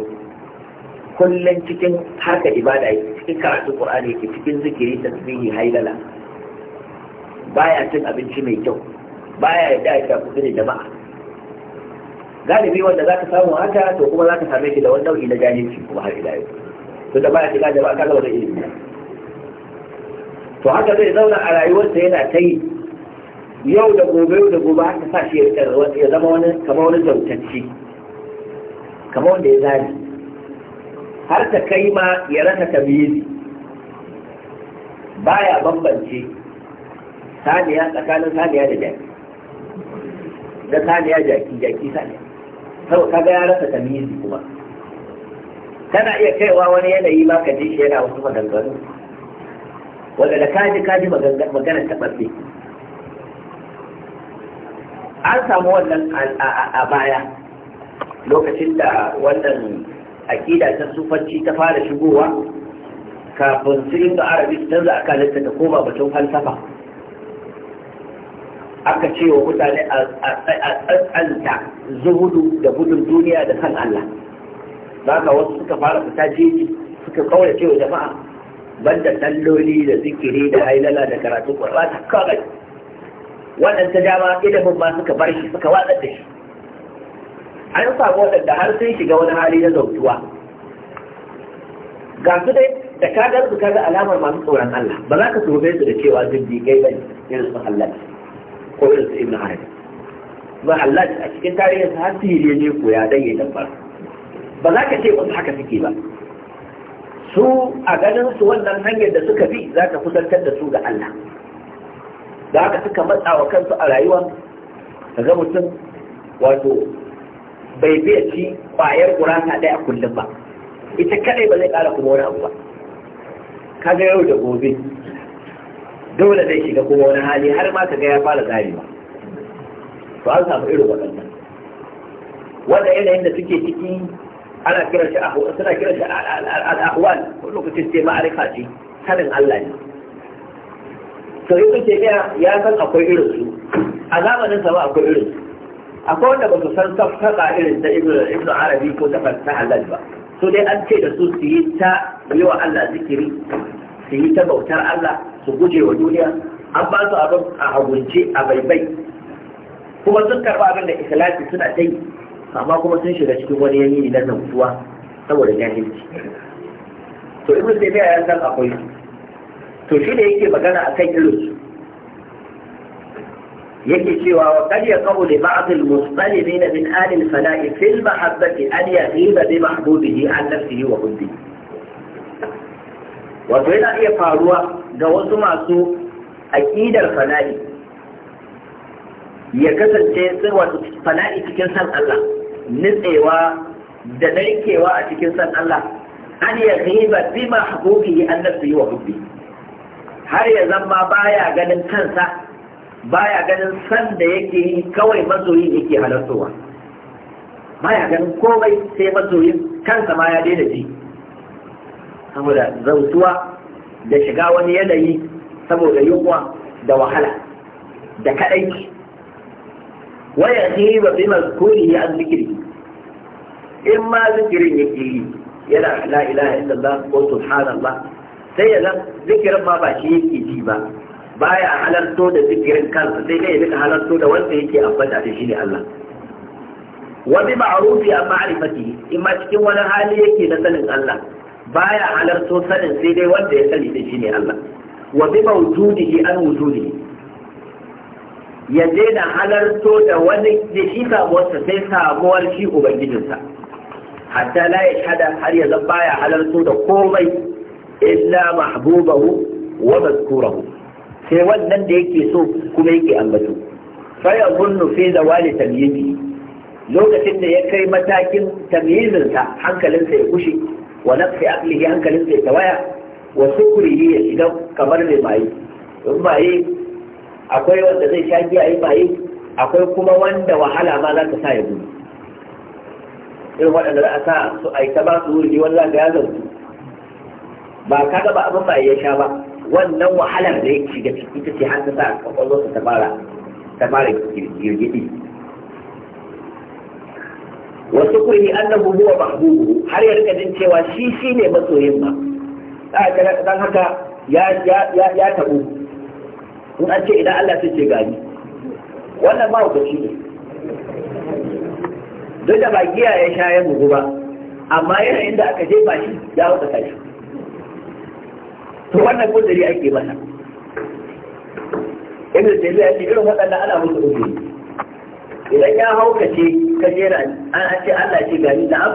kullum cikin haka ibada yake cikin karatu Qur'ani yake cikin zikiri tasbihi hailala baya cin abinci mai kyau baya yadda ya shafi da jama'a galibi wanda za ka samu haka to kuma za ka same shi da wani nau'i na jahilci kuma har ila yau to da baya shiga jama'a kaga wani ilimi to haka zai zauna a rayuwarsa yana ta yi yau da gobe yau da gobe aka sa shi ya zama wani kamar wani zautacci kamar wanda ya zari har ta kai ma ya rasa tamyizi baya bambance saniya tsakanin saniya da jaki da saniya jaki jaki saniya sau kaga ya rasa tamyizi kuma kana iya kaiwa wani yanayi ma ka ji shi yana wasu maganganu wanda da kaji kaji magana taɓaɓɓe an samu wannan a baya lokacin da wannan aƙida ta sufanci ta fara shigowa kafin su da arabi su canza akalinta ta koma batun falsafa aka ce wa mutane a tsantsanta zuhudu da gudun duniya da kan Allah ka wasu suka fara fita jeji suka ce wa jama'a banda talloli da zikiri da hailala da karatu ta kawai wannan ta dama ilimin ma suka bar shi suka watsar da shi an samu waɗanda har sun shiga wani hali na zautuwa ga su dai da ka gar ka ga alamar masu tsoron Allah ba za ka turbe su da cewa zindigai ba irin su Allah ko irin su Ibn Arabi ba Allah a cikin tarihin sa har sihiri ne ko ya dan ya dabbar ba za ka ce wasu haka suke ba su a ganin su wannan hanyar da suka bi za ka kusantar da su ga Allah da haka suka matsa wa kansu a rayuwa kaga mutum wato bai zai ci kwayar gurasa ɗaya a kullum ba ita kadai ba zai ƙara kuma wani abu ba Ka kaga yau da gobe dole zai shiga kuma wani hali har ma ka ga ya fara ba. to an samu irin waɗannan wanda yanayin da suke ciki ana kiran shi suna kiran shi al'ahwal wani lokacin sai ma'arifa ce sanin Allah ne to ibn taymiya ya san akwai irin su a zamanin sama akwai irin su akwai wanda ba su san safsaka irin ta ibn arabi ko ta fasta halal ba Su dai an ce da su su yi ta yi wa Allah zikiri su yi ta bautar Allah su guje wa duniya an ba su abin a hagunce a baibai kuma sun karɓi abin da ikhlasi suna ta yi amma kuma sun shiga cikin wani yanayi na nautuwa saboda jahilci to ibn taymiya ya san akwai su to shi da yake magana a kan irinsu yake cewa wa kad yaqau li ba'd al-mustalimin na ahli al-fala'i fi al-mahabbati an yaghiba bi mahbubihi an nafsihi wa hubbihi wato yana iya faruwa ga wasu masu aƙidar fala'i ya kasance sai wato fala'i cikin san Allah nitsewa da narkewa a cikin san Allah an yaghiba bi mahbubihi an nafsihi wa hubbihi har ya zama baya ganin kansa baya ganin san da yake yi kawai mazoyi yake halartowa baya ganin komai sai masoyin kansa ma ya daina ji saboda zautuwa da shiga wani yanayi saboda yunwa da wahala da kaɗai waya ne ba bi mazkuri ya an zikiri in ma zikirin yake yi yana la ilaha illallah ko subhanallah sai ya zan zikirin ma ba shi yake ji ba baya halarto da zikirin kansa sai dai ya rika halarto da wanda yake ambata da shi ne Allah wa bi ma'rufi amma ma'rifati in ma cikin wani hali yake na sanin Allah baya halarto sanin sai dai wanda ya sani da shi ne Allah wa bi mawjudihi an wujudihi ya daina halarto da wani da shi samuwarsa sai samuwar shi ubangijinsa hatta la ya shada har ya zan baya halarto da komai illa mahbubahu wa mazkurahu sai wannan da yake so kuma yake ambato fa yadhunnu fi zawali tamyizi lokacin da ya kai matakin tamyizinsa hankalinsa ya kushe wa nafsi aqlihi hankalinsa ya tawaya wa sukrihi ya shiga kamar mai maye in maye akwai wanda zai sha giya yi akwai kuma wanda wahala ma za sa ya gudu irin waɗanda za a sa su a ta ba su wurgi wanda ga ya zautu ba ka ga ba abin ba ya sha ba wannan wahalar da ya shiga ciki ta ce har ta sa kwakwalwarsa ta fara ta fara girgidi wasu kuri annahu ba mahbubu har ya rika jin cewa shi shi ne masoyin ba a kira dan haka ya ya ya ya tabu in an ce idan Allah sai ce gani wannan ma hukunci ne duk da ba giya ya sha ya bugu ba amma yana inda aka ba shi ya wuce kashi. to wannan kudiri ake masa ibn tayyib ya ce irin waɗannan ana musu uzuri idan ya haukace ka jera an ce Allah ce gani da am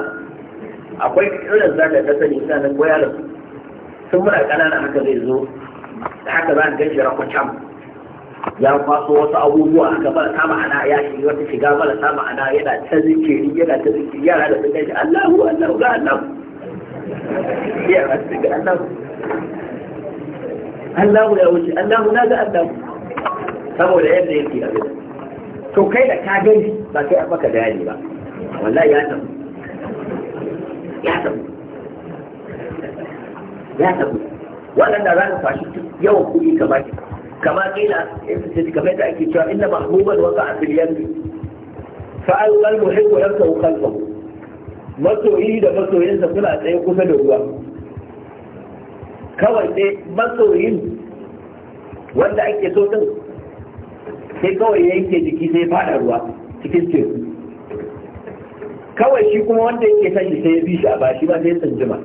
akwai irin zaka ta sani ina nan koyar sun muna kanana haka zai zo haka za ka gan ko cham ya kwaso wasu abubuwa aka ba ta ma'ana ya shi wata shiga ba ta ma'ana yana ta zikiri yana ta zikiri yara da sun gaji Allahu Allahu ga Allah ya rasu ga Allah Allahu ya wuce Allahu na ga Allahu saboda yadda yake a gida to kai da ka gani ba kai an maka bayani ba wallahi ya tabu ya tabu ya tabu da za ka fashi yawan kuɗi ka ba kama kila kamar da ake cewa inna mahbuban waka a filiyan fa'alwal muhibbu yansa khalfahu masoyi da masoyinsa suna tsaye kusa da ruwa kawai sai masoyin wanda ake so din sai kawai ya yanke jiki sai fada ruwa cikin teku kawai shi kuma wanda yake son shi sai ya bi shi a bashi ba sai jima.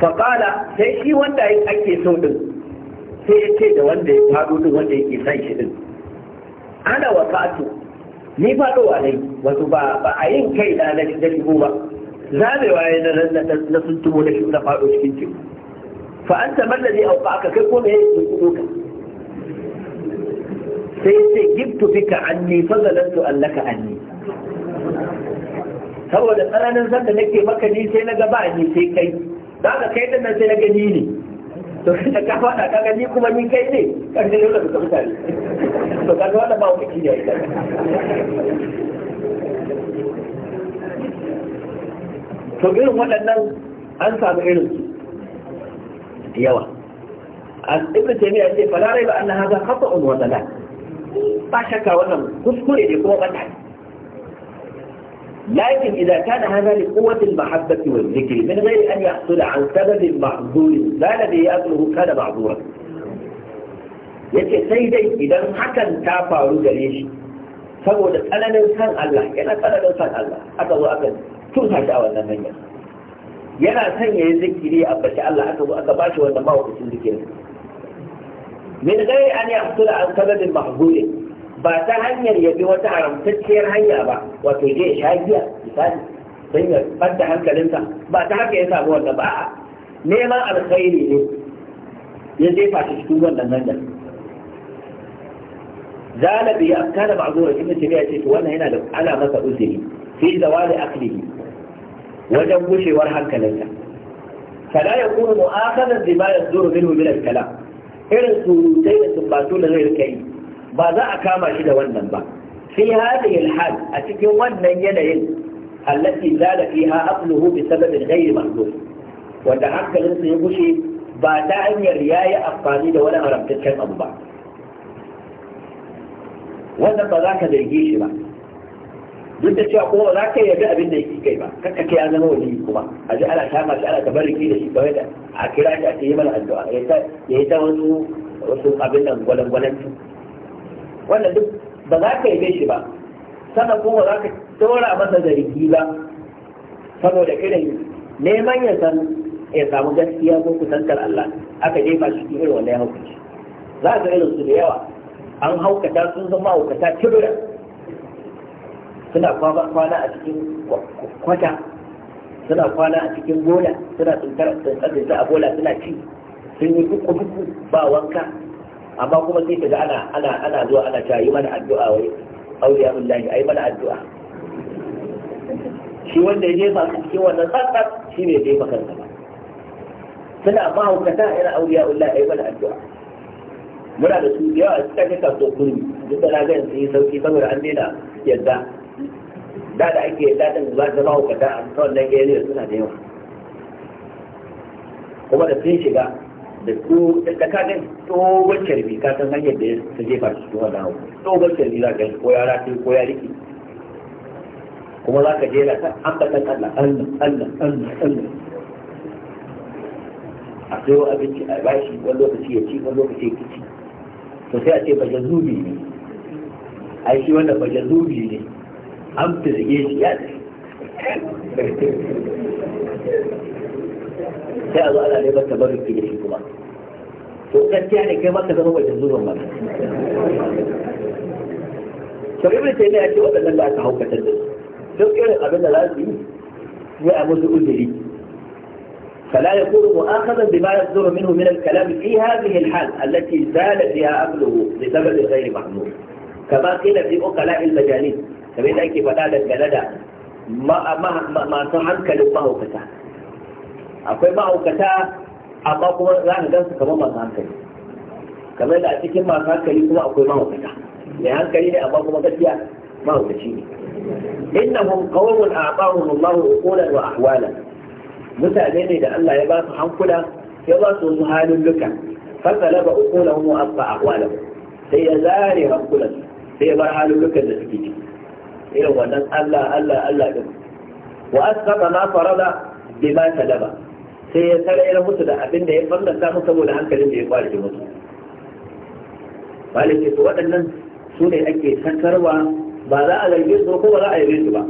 faƙala sai shi wanda ake so din sai ya ce da wanda ya faɗo din wanda yake son shi din ana wa fatu ni faɗowa ne wato ba a yin kai na na shigo ba zamewa ya na sun tumo na shi na faɗo cikin teku fa an tamar da zai auka aka kai kome ya yi sun kudo ka sai ce giftu fika anni fa zalantu allaka anni saboda tsananin sanda nake maka ni sai na gaba ni sai kai za ka kai da nan sai na gani ne to da ka faɗa ka gani kuma ni kai ne kan da yau da mutane to ka ga wannan ba wani kiyai to irin waɗannan an samu irin su yawa ibn taymiya ce fa la raiba anna hadha khata'un wa ba shakka wannan kuskure ne kuma bata لكن إذا كان هذا لقوة المحبة والذكر من غير أن يحصل عن سبب محظور لا الذي يأكله كان Ya ce sai dai idan hakan ta faru gare shi saboda tsananin san Allah yana tsananin san Allah aka zo aka tun hata a wannan hanyar yana son ya yi zikiri a bashi Allah aka aka ba shi wannan mawakacin zikirin min gairi an yi fito da an sababin ba ta hanyar ya bi wata haramtacciyar hanya ba wato je ya sha giya misali don ya fadda hankalinsa ba ta haka ya samu wannan ba neman alkhairi ne ya jefa shi cikin wannan hanyar zalabi ya kana ma'zura ibn tabi'a ce to wannan yana da ana masa uzuri fi zawali aqlihi wajen gushewar hankalinsa fala ya kuma mu'akadan da ba ya zuru minhu irin surutai da sumbatu da zai kai yi ba za a kama shi da wannan ba fi hadhihi al a cikin wannan yanayin allati zala fiha aqluhu bi sababin ghayr mahdud wanda hankalinsa ya gushe ba ta hanyar yayi amfani da wani haramtaccen abu ba wannan ba za ka zarge shi ba duk da cewa kuma za ka yarda abin da yake kai ba kaka kai ya zama wani kuma a ji ana kama shi ana tabarriki da shi kawai da a kira shi a ce yi mana addu'a ya yi ta wasu wasu abin nan gwalangwalan su wannan duk ba za ka yarda shi ba sannan kuma za ka tora masa zargi ba saboda irin neman ya san ya samu gaskiya ko kusantar Allah aka jefa shi cikin irin wannan hukunci za ka irin su da yawa an haukata sun zama haukata kibira suna kwana a cikin kwata suna kwana a cikin bola suna tsuntar tsuntar a bola suna ci sun yi kuku kuku ba wanka amma kuma sai ka ga ana ana ana zuwa ana ta yi mana addu'a wai auliya billahi ayi mana addu'a shi wanda ya jefa su cikin wannan tsatsan shi ne ya jefa kansa ba suna hukata irin auliya billahi ayi mana addu'a muna da su yawa suka ga so kurmi duk da na ga yanzu sauki saboda an daina yadda da da ake yadda ɗin ba ta mahaukata a ke area suna da yawa kuma da sun shiga da su da to tsohon carbi ka san hanyar da ta jefa su zuwa da hau tsohon carbi za ka ko ya rafi ko ya riki kuma za ka jera ta ambatan Allah Allah Allah Allah Allah a sayo abinci a bashi wani lokaci ya ci wani lokaci ya kici to sai a ce zubi ne ai shi wannan zubi ne أمت زيجيز يد سأل على لما تبرد في جيش الكمان فقلت يعني كما تبرد هو جنزور المرد فقبل تيمي أشياء وقال لما أتحوك تدرس شو كان قبلنا لازم يأمز أذري فلا يكون مؤاخذا بما يصدر منه من الكلام في هذه الحال التي زال فيها أمله لسبب غير محمود كما قيل في أقلاء المجانين kamar yadda ake faɗa dangane da masu hankalin mahaukata akwai mahaukata amma kuma za ka gansu kamar masu hankali kamar yadda a cikin masu hankali kuma akwai mahaukata mai hankali ne amma kuma gaskiya mahaukaci ne innahum qawmun a'tahum Allahu uqulan wa ahwala mutane ne da Allah ya ba su hankula ya ba su wasu halin duka fasalaba uqulahum wa a ahwalahum sai ya zare hankulan sai ya bar halin dukan da suke ciki irin wannan Allah Allah Allah din wa asqata ma farada bima talaba sai ya tare tarayar mutu da abin da ya fallanta musu saboda hankalin da ya fara kwalce musu malike to waɗannan su ne ake santarwa ba za a zargi su ko ba za a yabe su ba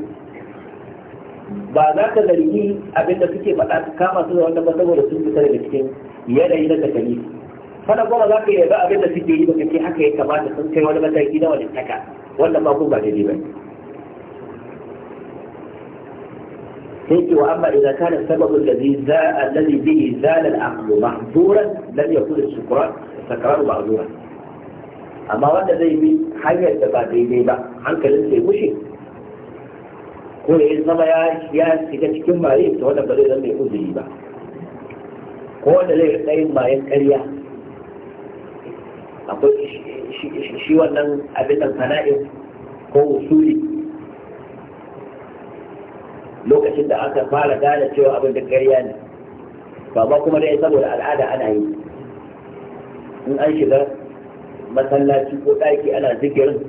ba za ka zargi abin da suke faɗa kama su da wanda ba saboda sun fita daga cikin yanayi na takali fana kuma za ka yaba abin da suke yi ba kake haka ya kamata sun kai wani mataki na wani taka wannan ma kun ba daidai ba هيك واما اذا كان السبب الذي زال الذي به زال العقل محظورا لم يكن السكران سكران معذورا amma wanda zai bi hanyar da ba daidai ba hankalin sai gushe ko ya zama ya shiga cikin maye to wanda ba zai zama ya uzuri ba ko wanda zai rika yin mayan karya akwai shi wannan abin nan sana'in ko usuli lokacin da aka fara gane cewa abin da ƙarya ne ba ba kuma dai saboda al'ada ana yi in an shiga masallaci ko ɗaki ana zikirin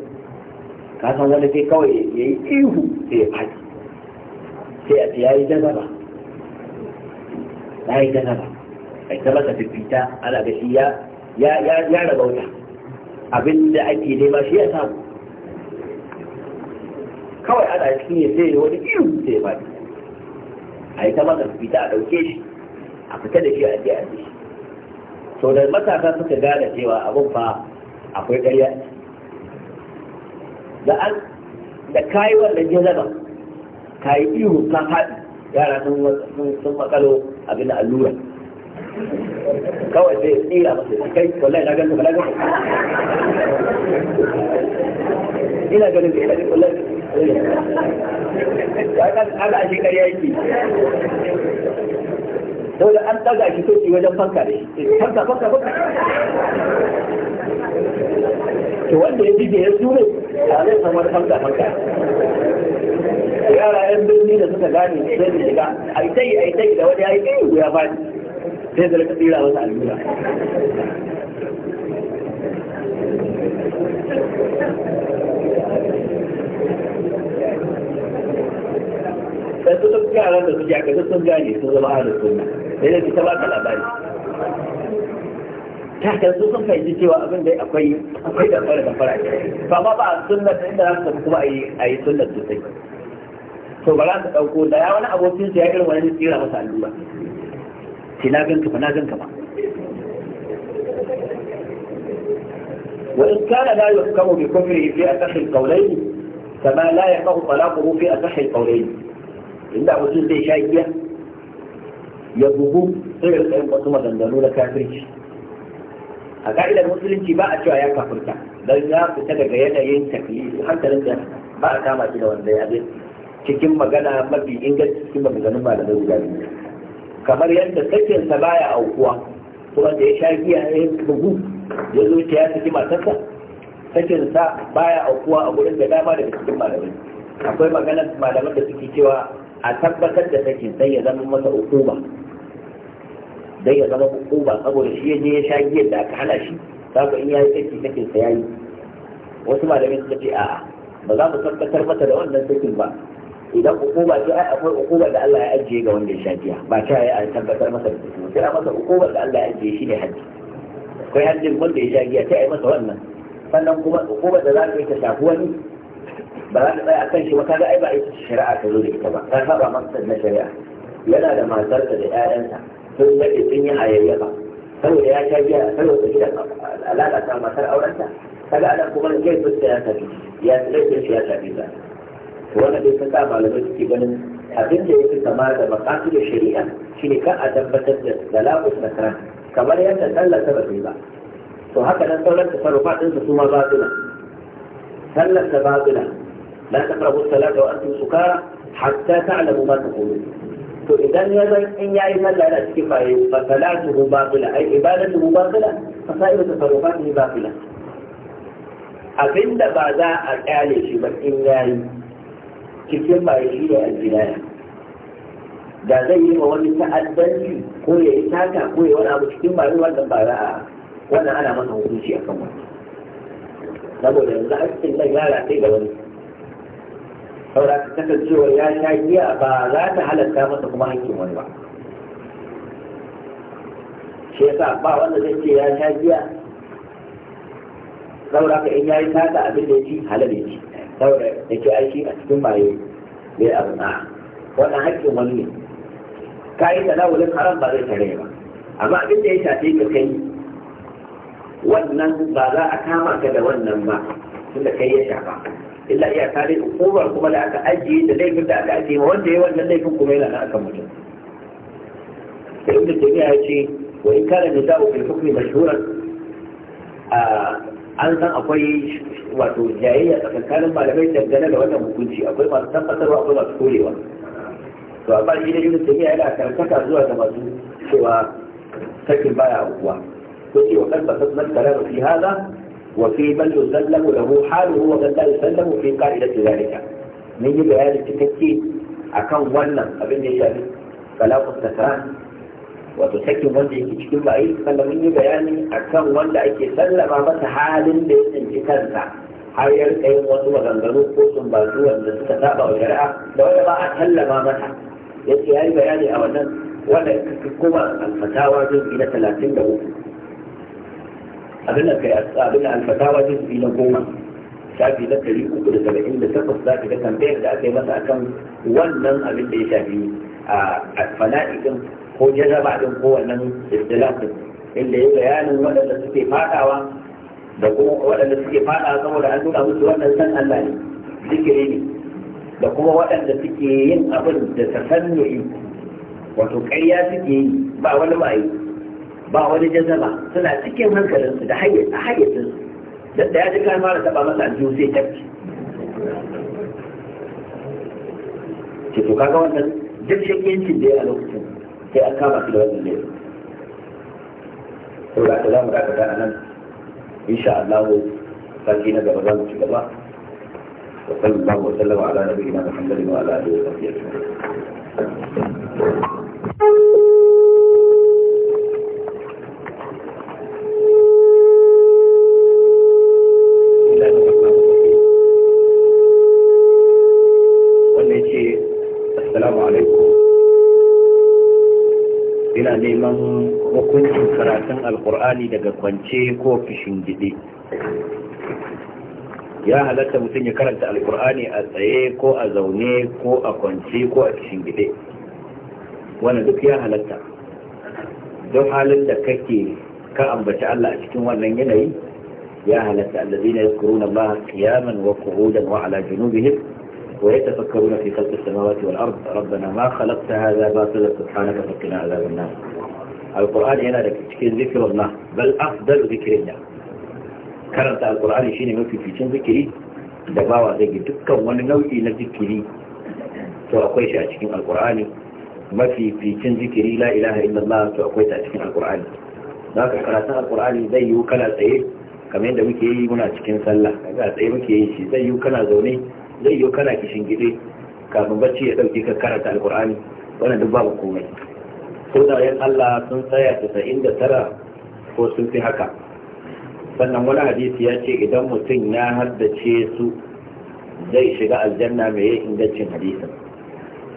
ka san wani sai kawai ya yi ihu sai ya faɗi sai a ya yi jazaba ya yi jazaba ai ta masa fifita ana gashi ya ya ya raba wuta abin da ake nema shi ya samu kawai ana cikin ya yi wani iyu zai ba shi a yi ta mazan fita a ɗauke shi a fita da shi a je a ji shi sau da matasa suka gane cewa abin fa akwai ƙarya da an da kayi wannan zama kayi ihu ka haɗi yara sun makalo abin allura kawai zai tsira masu kai wallahi na ganta ba na ganta ina ganin da ina ganin wallahi kaga ashe ƙarya yake dole an ɗaga shi soki wajen fanka da shi fanka fanka fanka to wanda ya jige ya sure a zai san wani fanka fanka yara yan birni da suka gane sai su shiga aitai aitai da wani ya yi eh, ya bani sai da rika tsira masa allura yaran da suke a gaba sun gane sun zama ahlus sunna sai da ta baka labari ta ta su sun fahimci cewa abin da akwai akwai da fara da fara ba ma ba a sunna da inda za su kuma ayi ayi sunna sosai to ba za su dauko da ya wani abokin su ya irin wani tsira masa allura ce na ganka ba na ganka ba وإن كان لا يحكم بكفره في أسح القولين فما لا يقع طلاقه في أسح القولين inda mutum zai sha giya ya bugu irin tsayin wasu maganganu na kafirci a ka'idar musulunci ba a cewa ya kafirta don ya fita daga yanayin taklifi hankalin da ba a kama shi da wanda ya zai cikin magana mafi inganci cikin maganganun malamai guda biyu kamar yadda sakin sa baya aukuwa kuma da ya sha giya ya bugu ya zo ta ya saki matarsa sakin sa baya aukuwa a gurin da dama daga cikin malamai akwai maganar malaman da suke cewa a tabbatar da sakin sai ya zama masa hukuma dai ya zama hukuma saboda shi ya je ya sha giyar da aka hana shi saboda in yayi saki sakin sa yayi wasu malamai suka ce a'a ba za mu tabbatar masa da wannan sakin ba idan hukuma ce ai akwai hukuma da Allah ya ajiye ga wanda ya sha giya ba ta yi a tabbatar masa da sakin kira masa hukuma da Allah ya ajiye shi ne haji akwai hajjin wanda ya sha giya sai yi masa wannan sannan kuma hukuma da za ta yi ta shafi wani ba za ta tsaya a kan shi wata ga ai ba ita shari'a ta zo da ita ba ta saba masa na shari'a yana da matarsa da ƴaƴansa sun daɗe sun yi hayayyafa saboda ya sha biya saboda shi da alaƙa ta matar aurenta ga ana kuma kai fuska ya tafi ya tafi ya tafi ba. wannan dai ta sa malamai suke ganin abin da yake kama da da shari'a shine kan a tabbatar da na sakra kamar yadda sallar ta bai ba to haka nan sauran tasarrufa ɗinsa su ma ba batula sallar ta batula la taqrabu salata wa antum sukara hatta ta'lamu ma taqulun to idan ya zan in ya yi sallah da cikin faye fa salatuhu batila ai ibadatuhu batila fa sa'iru tasarrufatihi batila abinda ba za a kyale shi ba in yayi cikin baye shi ne aljinaya da zai yi wa wani ta'addanci ko ya yi taka ko ya wani abu cikin baye wannan ba za a wannan ana masa hukunci akan wani saboda yanzu a cikin nan yara sai ga wani saboda ka kasancewar ya sha giya ba za ta halatta masa kuma hakkin wani ba shi yasa ba wanda zai ce ya sha giya saboda ka in ya yi sata abin da ya ci halal ya ci saboda ya ke aiki a cikin baye bai abu na wannan hakkin wani ne ka yi wajen haram ba zai tare ba amma abin da ya shafe ka kai wannan ba za a kama ka da wannan ba tunda kai ya shafa illa iya kare hukumar kuma da aka ajiye da laifin da aka ajiye ma wanda ya wannan laifin kuma yana da aka mutum da ibn taymiya ya ce wa in kana nisa'u fil hukmi mashhuran an san akwai wato jayayya tsakankanin malamai dangane da wannan hukunci akwai masu tabbatarwa akwai masu korewa to amma shi da ibn taymiya yana karkata zuwa ga masu cewa sakin baya hukuwa ko ce wa kan tasassan kalamu fi haza. وفي من يسلم له حاله ومن لا يسلم في قاعدة ذلك من يبقى هذا التكتيك أكون ولا أبن يشاهد فلا مستكران وتسكن wanda yake cikin bayi sannan mun yi bayani akan wanda ake sallama masa halin da ya tsinci kansa har ya rika yin wasu maganganu ko sumbatu wanda suka saba wa shari'a da wanda ba a sallama masa yace yayi bayani a wannan wanda kuma alfatawa na talatin da uku abin da kai abin da alfatawa juz'i na goma shafi na ɗari uku da saba'in da takwas za ka ga tambayar da aka yi masa akan wannan abin da ya shafi a fana'ikin ko jarraba din ko wannan istilafin inda ya bayanin waɗanda suke faɗawa da kuma waɗanda suke faɗawa saboda an nuna musu wannan san Allah ne zikiri ne da kuma waɗanda suke yin abin da ta tasannu'i wato ƙarya suke yi ba wani ma'aikata ba wani jazaba suna cikin hankalinsu da hayyacinsu su da ya ji kayan mara taɓa masa aljihu sai tafi ce to kaga wannan duk shakiyancin da ya a lokacin sai an kama su da wannan ne to da za mu dakata a nan insha Allah sati na gaba za mu ci gaba wa sallallahu wa sallama ala nabiyina Muhammadin wa ala alihi wa sahbihi Thank you. assalamu alaikum ina neman hukuncin karatun alkur'ani daga kwance ko fishin gide ya halatta mutum ya karanta alkur'ani a tsaye ko a zaune ko a kwance ko a fishin gide wannan duk ya halatta don halin da kake ka ambaci Allah a cikin wannan yanayi ya halatta allazina yazkuruna Allah qiyaman wa qu'udan wa ala junubihim ويتفكرون في خلق السماوات والأرض ربنا ما خلقت هذا باطلا سبحانك فقنا عذاب النار القرآن هنا cikin ذكر الله بل أفضل ذكر الله karanta alkur'ani shine mafificin zikiri da bawa zai dukkan wani nau'i na zikiri to akwai shi a cikin alkur'ani mafificin zikiri la ilaha illallah to akwai ta cikin alkur'ani za ka karatun alkur'ani zai yiwu kana tsaye kamar yadda muke yi muna cikin sallah kaga tsaye muke yi shi zai yiwu kana zaune zai yi kana kishin gide kafin bacci ya ɗauki ka karanta alkur'ani wannan duk babu komai sunayen Allah sun tsaya inda tara ko sun fi haka sannan wani hadisi ya ce idan mutum ya haddace su zai shiga aljanna mai ingancin hadisin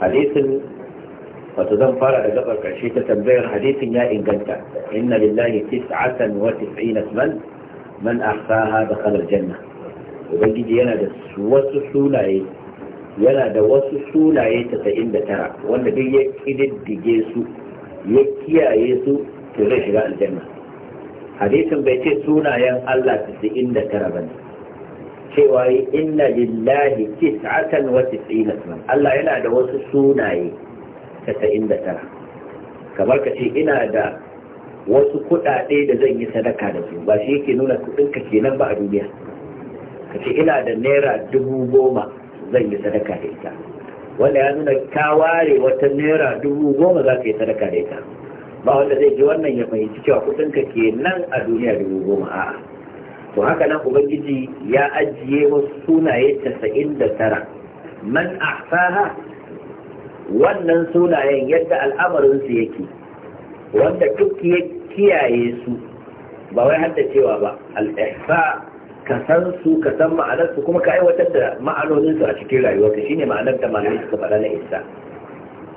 hadisin wato zan fara da gabar karshe ta tambayar hadisin ya inganta inna lillahi tis'atan wa tis'ina man man ahsaha dakhala aljanna ubangiji yana da wasu sunaye yana da wasu sunaye 99 wanda duk ya kididdige su ya kiyaye su to zai shiga aljanna hadisin bai ce sunayen Allah 99 bane cewa inna lillahi tis'atan wa tis'ina Allah yana da wasu sunaye 99 kamar ka ce ina da wasu kuɗaɗe da zan yi sadaka da su ba shi yake nuna kuɗinka kenan ba a duniya ka ina da naira dubu goma zan yi sadaka da ita wanda ya nuna ka ware wata naira dubu goma za ka yi sadaka da ita ba wanda zai ji wannan ya fahimci cewa kudin ka ke nan a duniya dubu goma a'a to haka nan ubangiji ya ajiye wasu sunaye casa'in da tara man ahsaha wannan sunayen yadda al'amarinsu yake wanda duk ya kiyaye su ba wai hadda cewa ba al ka san su ka san su kuma ka aiwatar da ma'anoninsu a cikin rayuwarka shine ma'anar da malamai suka faɗa na isa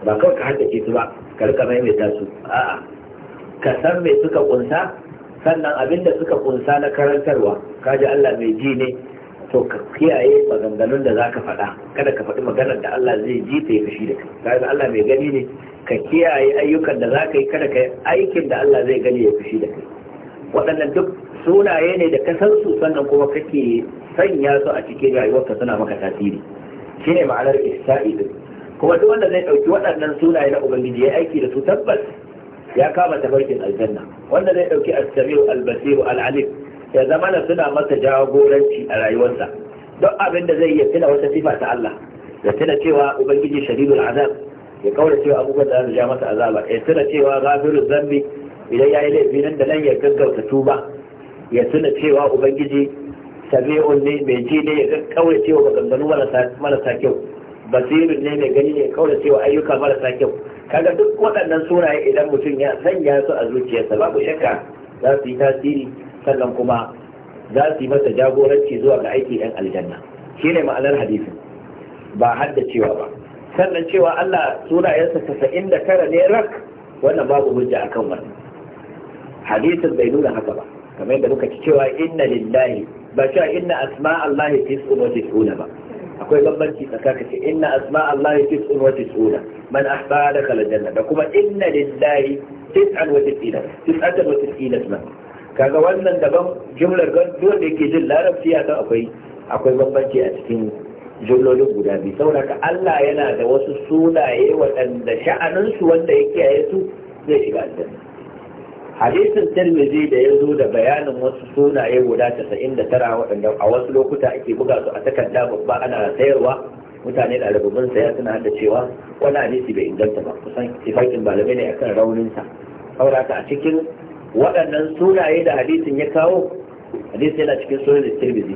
ba kawai ka haddace su ba ka rika maimaita su a'a ka san me suka kunsa sannan abin da suka kunsa na karantarwa ka ji Allah mai ji ne to ka kiyaye maganganun da zaka faɗa kada ka faɗi maganar da Allah zai ji ta yi fushi da kai ka Allah mai gani ne ka kiyaye ayyukan da zaka yi kada ka yi aikin da Allah zai gani ya fushi da kai waɗannan duk sunaye ne da ka san su sannan kuma kake sanya su a cikin rayuwarka suna maka tasiri Shi ne ma'anar ihsa'i din kuma duk wanda zai dauki waɗannan sunaye na ubangiji ya aiki da su tabbas ya kama tafarkin aljanna wanda zai ɗauki as-sami'u al-basiru al-alim ya zama na suna masa jagoranci a rayuwarsa don abin da zai iya tuna wata sifa ta Allah ya tuna cewa ubangiji shadidul azab ya kaura cewa abubuwan da za ja masa azaba ya tuna cewa ghafiruz zambi idan yayi laifi nan da nan ya gaggauta tuba ya tuna cewa ubangiji sami'un ne mai ji ne ya kawai cewa maganganu marasa kyau basirin ne mai gani ne kawai cewa ayyuka marasa kyau kaga duk waɗannan sunaye idan mutum ya sanya su a zuciyarsa babu shakka za su yi tasiri sannan kuma za su yi masa jagoranci zuwa ga aiki ɗan aljanna shine ma'anar hadisin ba hadda cewa ba sannan cewa Allah surayensa tasa'in da tara ne rak wannan babu hujja akan wannan hadisin bai nuna haka ba kamar yadda muka ci cewa inna lillahi ba cewa inna asma Allah tis'un wa tis'una ba akwai bambanci tsakanin ce inna asma Allah tis'un wa tis'una man ahsa da kala janna da kuma inna lillahi tis'an wa tis'ina tis'atan wa tis'ina asma kaga wannan daban jumlar gan dole da yake jin larabci ya san akwai akwai bambanci a cikin jumlolin guda biyu saboda Allah yana da wasu sunaye waɗanda sha'aninsu wanda ya kiyaye su zai shiga aljanna hadisin tirmidhi da ya zo da bayanin wasu sunaye guda casa'in da tara waɗanda a wasu lokuta ake buga su a takarda babba ana sayarwa mutane da rububin saya suna da cewa wani hadisi bai inganta ba kusan sifakin malamai ne akan sa. saboda a cikin waɗannan sunaye da hadisin ya kawo hadisi yana cikin sunan tirmidhi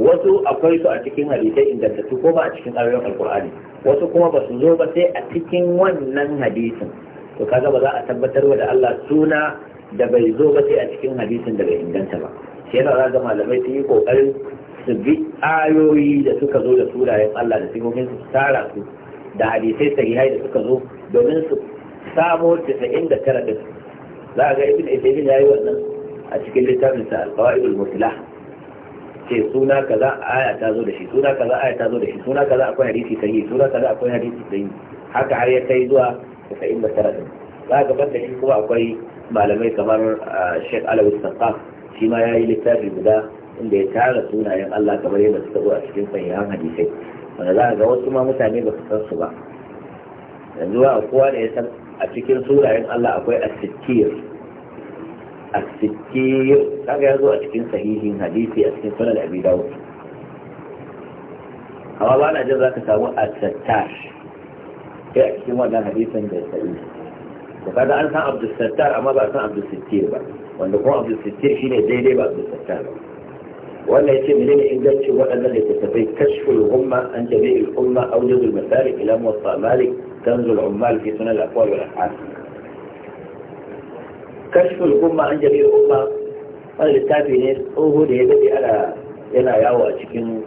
wasu akwai su a cikin hadisai ingantattu ko ba a cikin ayoyin alqur'ani wasu kuma ba su zo ba sai a cikin wannan hadisin to kaga ba za a tabbatar da Allah suna da bai zo ba sai a cikin hadisin da bai inganta ba shi yana za ga malamai sun yi kokarin su bi ayoyi da suka zo da sunayen Allah da sifofin su tara su da hadisai sahihai da suka zo domin su samo 99 din za a ga ibn Isaibin ya yi wannan a cikin littafin sa al-qawaidul muslah ce suna kaza aya ta zo da shi suna kaza aya ta zo da shi suna kaza akwai hadisi sahihi suna kaza akwai hadisi sahihi haka har ya kai zuwa 99 din ba gaban da shi kuma akwai malamai kamar Sheikh Alawi Saqaf shi ma yayi littafi guda inda ya tara sunayen Allah kamar yadda suka zo a cikin sahihan hadisai wanda za ga wasu ma mutane ba su san su ba yanzu ba kowa da ya san a cikin sunayen Allah akwai as-sittir as-sittir kaga ya a cikin sahihin hadisi a cikin sunan Abi Dawud amma ba na jin za ka samu as-sattar sai a cikin wannan hadisin da sahihi da kaga an san abdul sattar amma ba a san abdul sittir ba wanda kuma abdul sittir shine daidai ba abdul sattar ba wannan yace menene ingancin waɗannan littattafai kashful umma an jami'il umma awjadul masalik ila muwatta malik kanzul ummal fi sunan al-aqwal wal ahad kashful umma an jami'il umma wannan littafi ne tsoho da ya dade ana yana yawo a cikin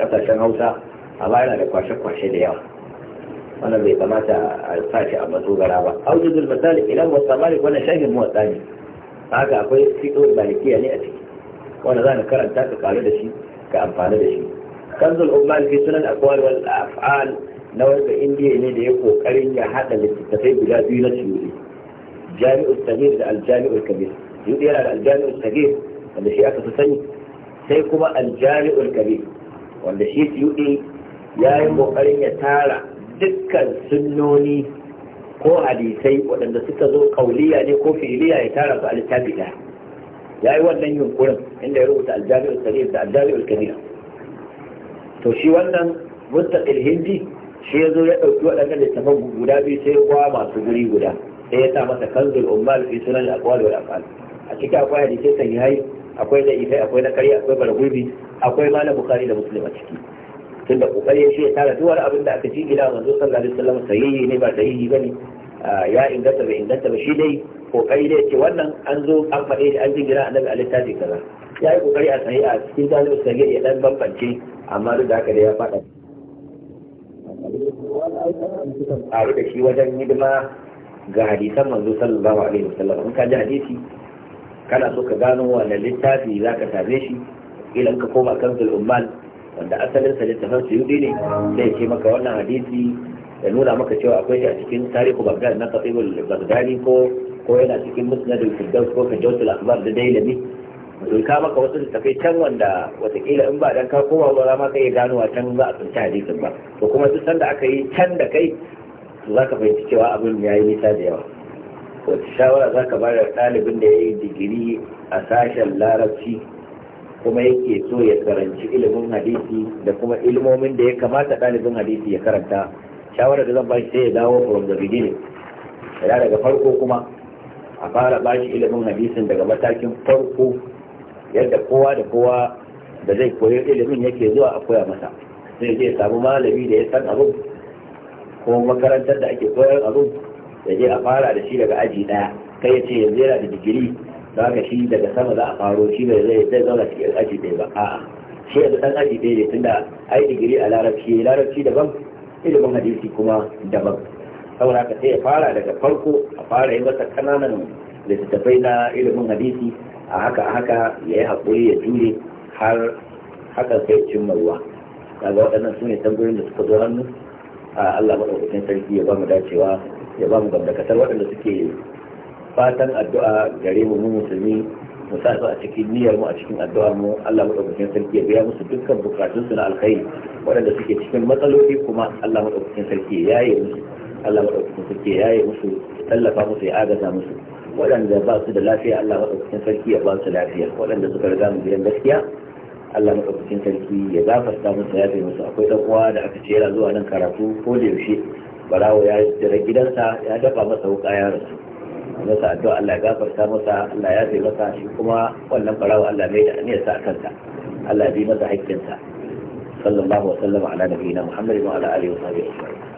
kasashen Hausa amma yana da kwashe-kwashe da yawa wannan bai kamata a sashi a matsogara ba aujizul misali idan wasu malik wannan shagin motsa ne haka akwai da malikiya ne a ciki wanda za ka karanta ka karu da shi ka amfani da shi kanzul ummal fi sunan aqwal wal af'al na wanda indiya ne da ya kokarin ya hada littattafai guda biyu na suyuri jami'ul sagir da aljami'ul kabir suyuri yana da aljami'ul sagir wanda shi aka fi sani sai kuma aljami'ul kabir wanda shi suyuri ya yi kokarin ya tara dukkan sunnoni ko hadisai waɗanda suka zo kauliya ne ko fi'iliya ya tara su a littafi ɗaya ya yi wannan yunkurin inda ya rubuta aljami'ul sarir da aljami'ul kabir to shi wannan mustaqil hindi shi ya zo ya ɗauki waɗannan littafan guda biyu sai ya masu guri guda sai ya sa masa kanzul ummal fi sunan al-aqwal wal af'al a cikin akwai hadisai sahihai akwai da ifai akwai na kari akwai bargurbi akwai malam bukhari da muslim a ciki tunda kokari shi shiga tara duk wani abin da aka ci gida manzo sallallahu alaihi wasallam sahihi ne ba sahihi bane ya inganta ba inganta ba shi dai kokari dai ce wannan an zo an faɗe da an ji gida annabi alaihi tafi kaza ya yi kokari a sahihi a cikin dalil sahihi ya dan bambance amma duk da haka da ya faɗa a da shi wajen hidima ga hadisan manzo sallallahu alaihi wasallam in ka ji hadisi kana so ka gano wannan littafi zaka same shi idan ka koma kan zulumman wanda asalin sa littafin suyudi ne sai ce maka wannan hadisi da nuna maka cewa akwai shi a cikin tarihu bagdad na katibul bagdadi ko ko yana cikin musnad al-firdaus ko kajaus al-akhbar da dailami to ka maka wasu littafai can wanda watakila in ba dan ka koma ba ma kai gano can za a tsinci hadisin ba to kuma duk sanda aka yi can da kai za ka fahimci cewa abin ya yi nisa da yawa wata shawara za ka ba da ɗalibin da ya yi digiri a sashen larabci kuma yake so ya karanci ilimin hadisi da kuma ilmomin da ya kamata ɗalibin hadisi ya karanta shawarar da zan bashi sai ya dawo from the beginning da daga farko kuma a fara bashi ilimin hadisin daga matakin farko yadda kowa da kowa da zai koyi ilimin yake zuwa a koya masa sai je samu malami da ya san abin ko makarantar da ake koyar abin da je a fara da shi daga aji daya kai ya ce yanzu yana da digiri za ka shi daga sama za a faro shi bai zai zai zauna cikin aji bai ba a'a shi yanzu ɗan aji bai ne tunda ai digiri a larabci larabci daban ilimin hadisi kuma daban saboda haka sai ya fara daga farko a fara yi masa kananan littattafai na ilimin hadisi a haka a haka ya yi haƙuri ya jure har hakan sai cimma ruwa daga waɗannan su ne tambayoyin da suka zo hannu Allah maɗaukacin sarki ya ba mu dacewa ya ba mu gamdakatar waɗanda suke fatan addu'a gare mu mu musulmi mu sa su a cikin niyyar mu a cikin addu'a mu Allah madaukakin sarki ya biya musu dukkan bukatun su na alkhairi waɗanda suke cikin matsaloli kuma Allah madaukakin sarki ya yaye musu Allah madaukakin sarki ya yaye musu tallafa musu ya agaza musu waɗanda ba su da lafiya Allah madaukakin sarki ya ba su lafiya waɗanda suka riga mu gidan gaskiya Allah madaukakin sarki ya gafarta musu ya yafe musu akwai dan uwa da aka ce yana zuwa nan karatu ko da yaushe barawo ya jira gidansa ya dafa masa wuka ya rasu masa addu'a Allah ya gafarta masa Allah ya zai masa shi kuma wannan barawa Allah mai da aniyarsa a kanta Allah ya bi masa haƙƙinsa sallallahu alaihi wa sallam ala nabiyina Muhammadin wa ala alihi wa sahbihi